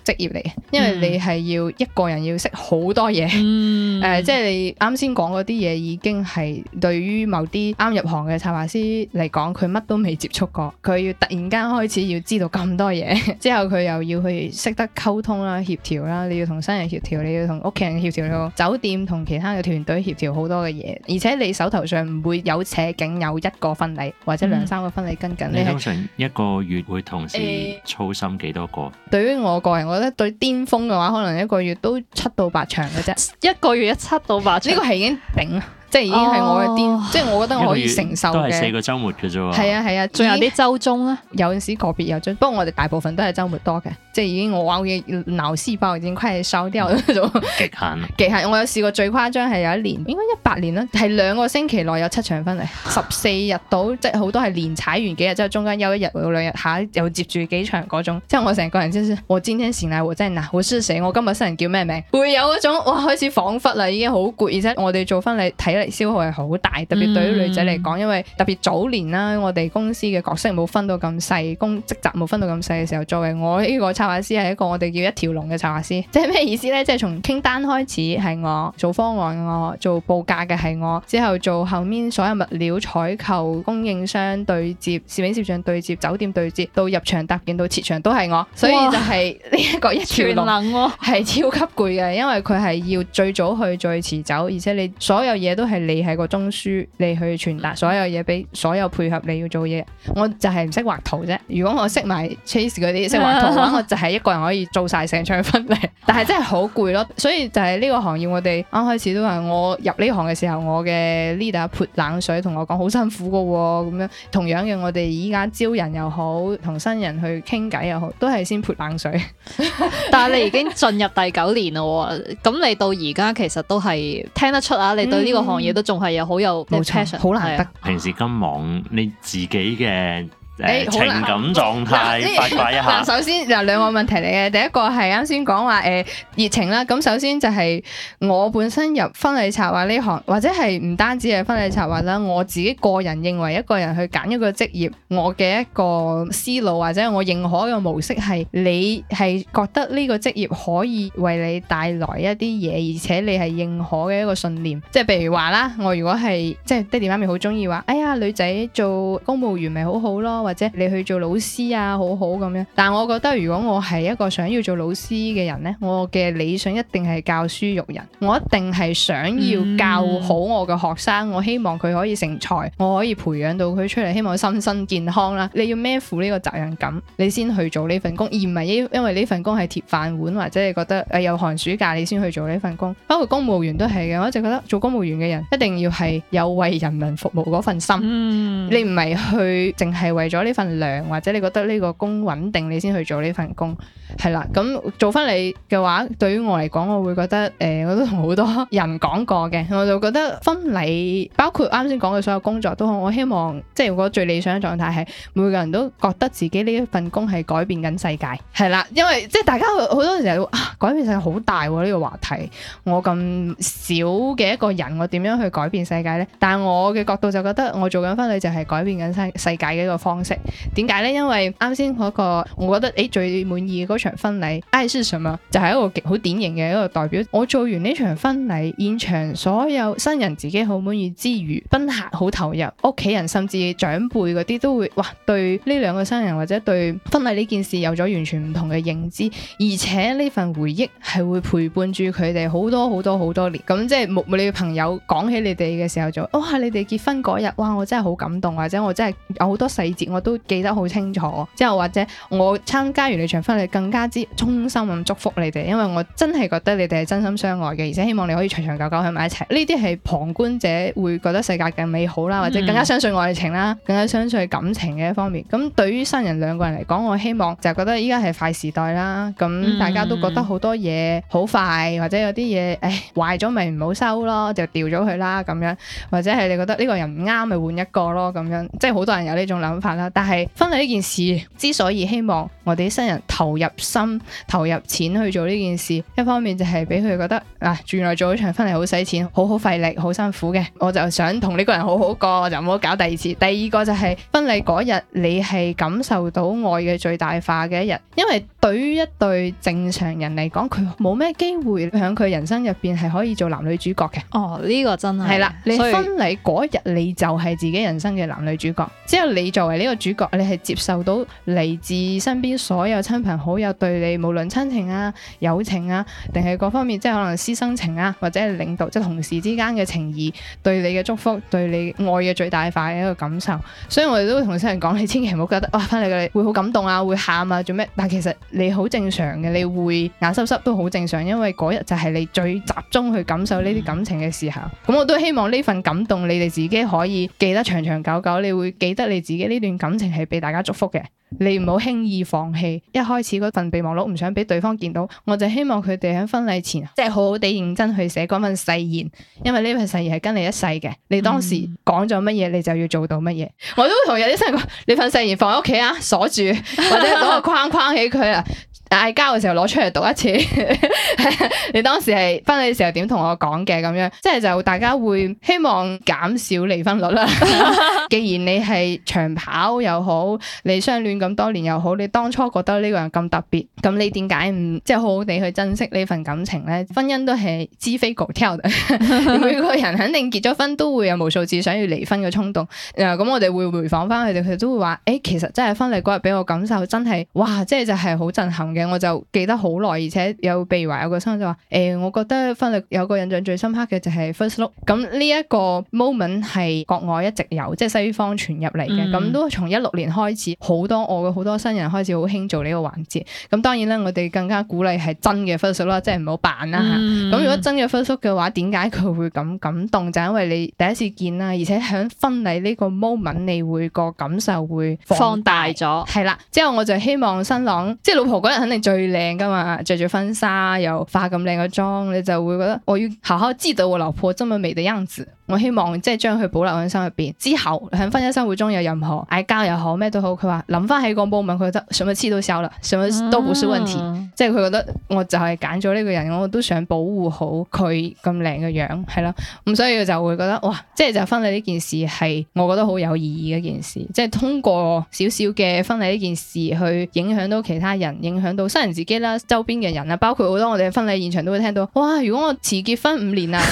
職業嚟嘅，因為你係要一個人要識好多嘢，誒、嗯 <laughs> 呃，即係你啱先講嗰啲嘢已經係對於某啲啱入行嘅策劃師嚟講，佢乜？都未接觸過，佢要突然間開始要知道咁多嘢，之後佢又要去識得溝通啦、協調啦，你要同新人協調，你要同屋企人協調，你個酒店同其他嘅團隊協調好多嘅嘢，而且你手頭上唔會有扯景有一個婚禮或者兩三個婚禮跟緊，嗯、你通常一個月會同時操心幾多個、哎。對於我個人，我覺得對巔峰嘅話，可能一個月都七到八場嘅啫。一個月一七到八場，呢個係已經頂。即係已經係我嘅癲，oh, 即係我覺得我可以承受嘅。一個月都係四個週末嘅啫喎。係啊係啊，仲、啊、有啲週中啦，咦有陣時個別有中，不過我哋大部分都係週末多嘅。即係已經我嘩嘢鬧市包已經快收啲，我覺得極限。極限，我有試過最誇張係有一年，應該一百年啦，係兩個星期內有七場婚禮，十四、啊、日到即係好多係連踩完幾日之後中間休一日到兩日，下又接住幾場嗰種。即係我成個人先、就、係、是、我戰天神啊！我真係嗱，好衰死，我今日新人叫咩名？會有一種哇，開始恍惚啦，已經好攰，而且我哋做婚禮睇。看消耗係好大，特別對於女仔嚟講，嗯、因為特別早年啦，我哋公司嘅角色冇分到咁細，工職責冇分到咁細嘅時候，作為我呢個策劃師係一個我哋叫一條龍嘅策劃師，即係咩意思咧？即係從傾單開始係我做方案我，我做報價嘅係我，之後做後面所有物料採購、供應商對接、攝影攝像對接、酒店對接到入場搭建到撤場都係我，所以就係呢一個一條龍，係超級攰嘅，因為佢係要最早去最遲走，而且你所有嘢都。係你係個中樞，你去傳達所有嘢俾所有配合，你要做嘢。我就係唔識畫圖啫。如果我識埋 chase 嗰啲識畫圖嘅話， <laughs> 我就係一個人可以做晒成場分嘅。但係真係好攰咯。所以就係呢個行業，我哋啱開始都話我入呢行嘅時候，我嘅 leader 潑冷水跟很，同我講好辛苦噶喎。咁樣同樣嘅，我哋依家招人又好，同新人去傾偈又好，都係先潑冷水。 <laughs> 但係你已經進入第九年咯，咁你到而家其實都係聽得出啊，你對呢個行業。嗯嘢都仲係有好有冇好難得，對平時咁忙，你自己嘅。哎、情感狀態八卦一下。 <laughs> 首先就兩個問題嚟嘅。第一個係啱先講話誒熱情啦。咁首先就係我本身入婚禮策劃呢行，或者係唔單止係婚禮策劃啦。我自己個人認為一個人去揀一個職業，我嘅一個思路或者我認可嘅模式係你係覺得呢個職業可以為你帶來一啲嘢，而且你係認可嘅一個信念。即係譬如話啦，我如果係即係爹哋媽咪好中意話哎呀女仔做公務員咪好好咯。或者你去做老師啊，好好咁樣。但係我覺得如果我係一個想要做老師嘅人咧，我嘅理想一定係教書育人，我一定係想要教好我嘅學生，我希望佢可以成才，我可以培養到佢出嚟，希望佢身心健康啦。你要孭負呢個責任感，你先去做呢份工，而唔係因為呢份工係鐵飯碗，或者係覺得誒有寒暑假你先去做呢份工。包括公務員都係嘅，我一直覺得做公務員嘅人一定要係有為人民服務嗰份心，你唔係去淨係為咗。呢份糧或者你覺得呢個工穩定，你先去做呢份工係啦。咁做婚禮嘅話，對於我嚟講，我會覺得誒，我都同好多人講過嘅，我就覺得婚禮包括啱先講嘅所有工作都好，我希望即係如果最理想嘅狀態係，每個人都覺得自己呢一份工係改變緊世界係啦。因為即係大家好多時候啊，改變世界好大呢個話題。我咁少嘅一個人，我點樣去改變世界咧？但係我嘅角度就覺得，我做緊婚禮就係改變緊世世界嘅一個方式。點解呢？因為啱先嗰個，我覺得誒最滿意嗰場婚禮愛是什麼就係、是、一個好典型嘅一個代表。我做完呢場婚禮，現場所有新人自己好滿意之餘，賓客好投入，屋企人甚至長輩嗰啲都會哇，對呢兩個新人或者對婚禮呢件事有咗完全唔同嘅認知，而且呢份回憶係會陪伴住佢哋好多好多好多、多年。咁即係，冇你嘅朋友講起你哋嘅時候就哇，你哋結婚嗰日哇，我真係好感動，或者我真係有好多細節。我都記得好清楚，之後或者我參加完你場婚禮，更加之衷心咁祝福你哋，因為我真係覺得你哋係真心相愛嘅，而且希望你可以長長久久喺埋一齊。呢啲係旁觀者會覺得世界更美好啦，或者更加相信愛情啦，更加相信感情嘅一方面。咁對於新人兩個人嚟講，我希望就覺得依家係快時代啦，咁大家都覺得好多嘢好快，或者有啲嘢誒壞咗咪唔好收咯，就掉咗佢啦咁樣，或者係你覺得呢個人唔啱咪換一個咯咁樣，即係好多人有呢種諗法。但係婚禮呢件事，之所以希望我哋啲新人投入心、投入錢去做呢件事，一方面就係俾佢覺得啊，原來做一場婚禮好使錢，好好費力，好辛苦嘅。我就想同呢個人好好過，我就唔好搞第二次。第二個就係婚禮嗰日，你係感受到愛嘅最大化嘅一日，因為對於一對正常人嚟講，佢冇咩機會喺佢人生入邊係可以做男女主角嘅。哦，呢、呢個真係係啦，你婚禮嗰日你就係自己人生嘅男女主角，之後你作為呢、呢個。個主角，你係接受到嚟自身邊所有親朋好友對你，無論親情啊、友情啊，定係各方面，即係可能師生情啊，或者係領導即係同事之間嘅情誼，對你嘅祝福，對你愛嘅最大化嘅一個感受。所以我哋都會同新人講：你千祈唔好覺得哇，翻嚟嘅你會好感動啊，會喊啊，做咩？但係其實你好正常嘅，你會眼濕濕都好正常，因為嗰日就係你最集中去感受呢啲感情嘅時候。咁我都希望呢份感動，你哋自己可以記得長長久久，你會記得你自己呢段。感情係俾大家祝福嘅，你唔好輕易放棄。一開始嗰份備忘錄唔想俾對方見到，我就希望佢哋喺婚禮前，即係好好地認真去寫嗰份誓言，因為呢份誓言係跟你一世嘅。你當時講咗乜嘢，你就要做到乜嘢。嗯、我都同有啲新人講，你份誓言放喺屋企啊，鎖住，或者攞個框框起佢啊。 <laughs> 嗌交嘅時候攞出嚟讀一次， <laughs> 你當時係婚禮嘅時候點同我講嘅咁樣，即係就大家會希望減少離婚率啦。 <laughs> 既然你係長跑又好，你相戀咁多年又好，你當初覺得呢個人咁特別，咁你點解唔即係好好哋去珍惜呢份感情咧？婚姻都係雞飛狗跳嘅，每個人肯定結咗婚都會有無數次想要離婚嘅衝動。誒，咁我哋會回訪翻佢哋，佢哋都會話誒、欸、其實真係婚禮嗰日俾我感受真係，哇！即係就係、是、好震撼嘅。我就記得好耐，而且有譬如話有個新人就話、欸：我覺得婚禮有個印象最深刻嘅就係 first look。咁呢一個 moment 係國外一直有，即係西方傳入嚟嘅。咁、嗯、都從一六年開始，好多我嘅好多新人開始好興做呢個環節。咁當然啦，我哋更加鼓勵係真嘅 first look 啦，即係唔好扮啦嚇。咁、啊、如果真嘅 first look 嘅話，點解佢會咁感動？就因為你第一次見啦，而且喺婚禮呢個 moment，你會個感受會放大咗。係啦，之後我就希望新郎即係老婆嗰日你最靚噶嘛，着住婚紗又化咁靚嘅妝，你就會覺得我要好好記得我老婆這麼美的樣子。我希望即係將佢保留喺心入邊，之後喺婚姻生活中有任何嗌交又好咩都好，佢話諗翻起個 moment，佢得想咪黐到手啦，想咪都好 sweet、嗯、即係佢覺得我就係揀咗呢個人，我都想保護好佢咁靚嘅樣子，係咯，咁所以佢就會覺得哇，即係就婚禮呢件事係我覺得好有意義嘅一件事，即係通過少少嘅婚禮呢件事去影響到其他人，影響到新人自己啦，周邊嘅人啊，包括好多我哋嘅婚禮現場都會聽到，哇，如果我遲結婚五年啊。 <laughs>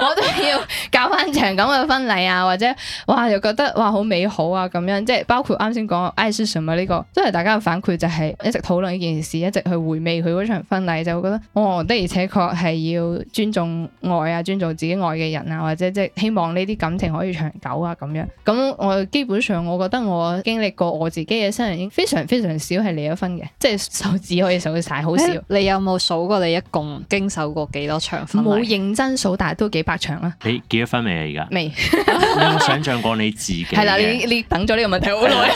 我都要搞翻場咁嘅婚禮啊，或者哇又覺得哇好美好啊咁樣，即係包括啱先講 Ice s a m 啊呢個，都係大家嘅反饋，就係一直討論呢件事，一直去回味佢嗰場婚禮，就會覺得哦的而且確係要尊重愛啊，尊重自己愛嘅人啊，或者即係希望呢啲感情可以長久啊咁樣。咁我基本上，我覺得我經歷過我自己嘅生涯，已經非常非常少係離咗婚嘅，即係手指可以數曬好少。 <laughs> 你有冇數過你一共經手過幾多場婚禮？冇認真數，但係都幾百。拍場啦！你結咗婚未啊？而家未？沒有冇 <laughs> 想象過你自己？係啦，你你等咗呢個問題好耐，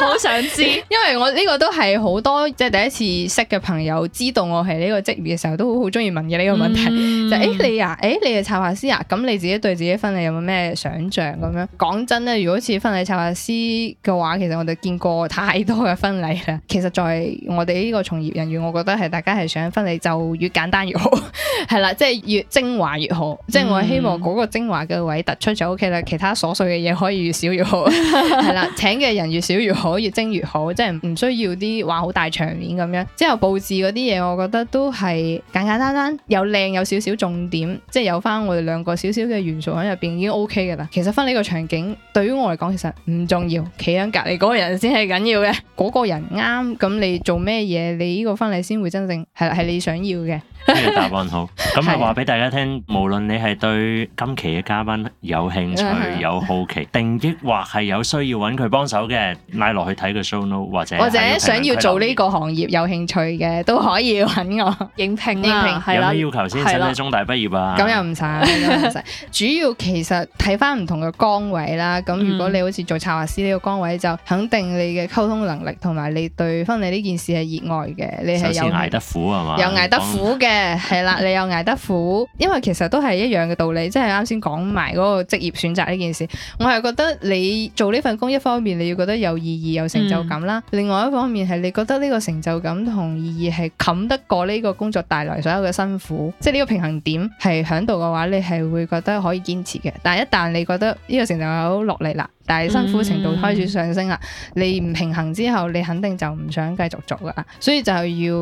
好想知， <laughs> 因為我呢個都係好多即係第一次識嘅朋友，知道我係呢個職業嘅時候，都好中意問嘅呢個問題，嗯、就誒、是欸、你啊，誒、欸、你係策劃師啊，咁你自己對自己婚禮有冇咩想象咁樣？講真咧，如果似婚禮策劃師嘅話，其實我哋見過太多嘅婚禮啦。其實，在我哋呢個從業人員，我覺得係大家係想婚禮就越簡單越好，係 <laughs> 啦，即係越精華越好，我希望嗰個精華嘅位突出就 O K 啦，其他瑣碎嘅嘢可以越少越好，係 <laughs> 啦，請嘅人越少越好，越精越好，即係唔需要啲話好大場面咁樣。之後布置嗰啲嘢，我覺得都係簡簡單單，有靚有少少重點，即係有翻我哋兩個少少嘅元素喺入邊已經 O K 噶啦。其實婚禮個場景對於我嚟講，其實唔重要，企喺隔籬嗰個人先係緊要嘅。嗰個人啱，咁你做咩嘢，你呢個婚禮先會真正係係你想要嘅。 <laughs> 答案好，咁啊話俾大家聽， <laughs> 的無論你。係對今期嘅嘉賓有興趣、有好奇，是的 <laughs> 定抑或係有需要揾佢幫手嘅，拉落去睇個 show note，或者或者想要做呢個行業有興趣嘅都可以揾我應聘啦、啊。應有咩要求先的？使唔使中大畢業啊？咁又唔使， <laughs> 主要其實睇翻唔同嘅崗位啦。咁如果你好似做策劃師呢個崗位，就肯定你嘅溝通能力同埋你對婚禮呢件事係熱愛嘅。你係有捱得苦係嘛？有捱得苦嘅係啦，你有捱得苦，因為其實都係一。一樣嘅道理，即係啱先講埋嗰個職業選擇呢件事，我係覺得你做呢份工一方面你要覺得有意義有成就感啦，嗯、另外一方面係你覺得呢個成就感同意義係冚得過呢個工作帶來所有嘅辛苦，即係呢個平衡點係喺度嘅話，你係會覺得可以堅持嘅。但係一旦你覺得呢個成就有落嚟啦，但係辛苦程度開始上升啦，嗯、你唔平衡之後，你肯定就唔想繼續做噶啦，所以就要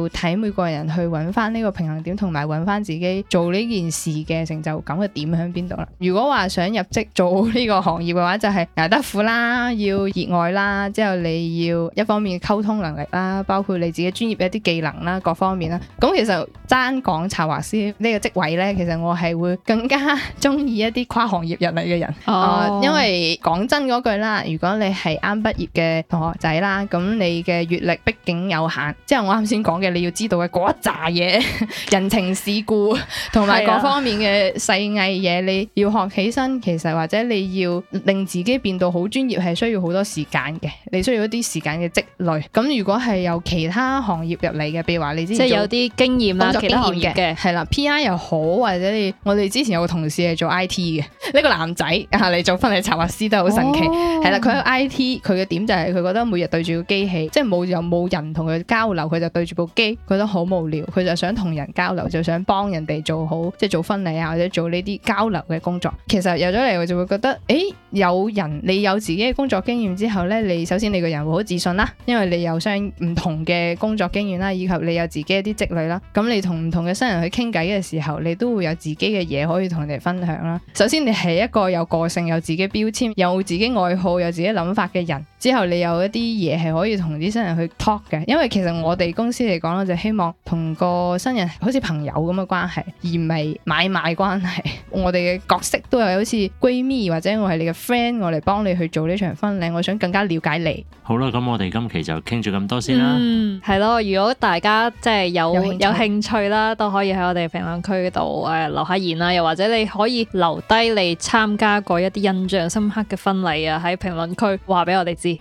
睇每個人去揾翻呢個平衡點，同埋揾翻自己做呢件事嘅成就感嘅點喺邊度啦。如果話想入職做呢個行業嘅話，就係、是、捱得苦啦，要熱愛啦，之後你要一方面溝通能力啦，包括你自己專業嘅一啲技能啦，各方面啦。咁、嗯哦、其實爭講策劃師呢、這個職位呢，其實我係會更加中意一啲跨行業入嚟嘅人，人、哦呃，因為講真的嗰句啦，如果你係啱畢業嘅同學仔啦，咁你嘅閱歷畢竟有限，即係我啱先講嘅，你要知道嘅一紮嘢人情世故，同埋各方面嘅細藝嘢，你要學起身，其實或者你要令自己變到好專業，係需要好多時間嘅，你需要一啲時間嘅積累。咁如果係有其他行業入嚟嘅，譬如話你之前即係有啲經驗啦，其他行業嘅係啦，PR 又好，或者你我哋之前有個同事係做 I. T. 嘅，呢個男仔啊，你做婚禮策劃師都好神奇。哦係啦，佢喺 IT，佢嘅點就係佢覺得每日對住個機器，即係冇又冇人同佢交流，佢就對住部機，佢都好無聊。佢就想同人交流，就想幫人哋做好，即係做婚禮啊或者做呢啲交流嘅工作。其實入咗嚟，我就會覺得，誒，有人，你有自己嘅工作經驗之後呢？你首先你個人會好自信啦，因為你有相唔同嘅工作經驗啦，以及你有自己一啲積累啦。咁你同唔同嘅新人去傾偈嘅時候，你都會有自己嘅嘢可以同人哋分享啦。首先你係一個有個性、有自己標籤、有自己。愛好有自己諗法嘅人，之後你有一啲嘢係可以同啲新人去 talk 嘅，因為其實我哋公司嚟講咧，就希望同個新人好似朋友咁嘅關係，而唔係買賣關係。我哋嘅角色都係好似閨蜜，或者我係你嘅 friend，我嚟幫你去做呢場婚禮。我想更加了解你。好啦，咁我哋今期就傾住咁多先啦。係咯、嗯，如果大家即係有有興趣啦，都可以喺我哋評論區度誒留下言啦，又或者你可以留低你參加過一啲印象深刻嘅婚禮。喺評論區話俾我哋知。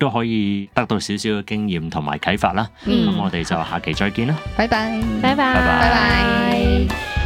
都可以得到少少嘅經驗同埋啟發啦。咁、嗯、我哋就下期再見啦。拜拜，拜拜，拜拜，拜拜。拜拜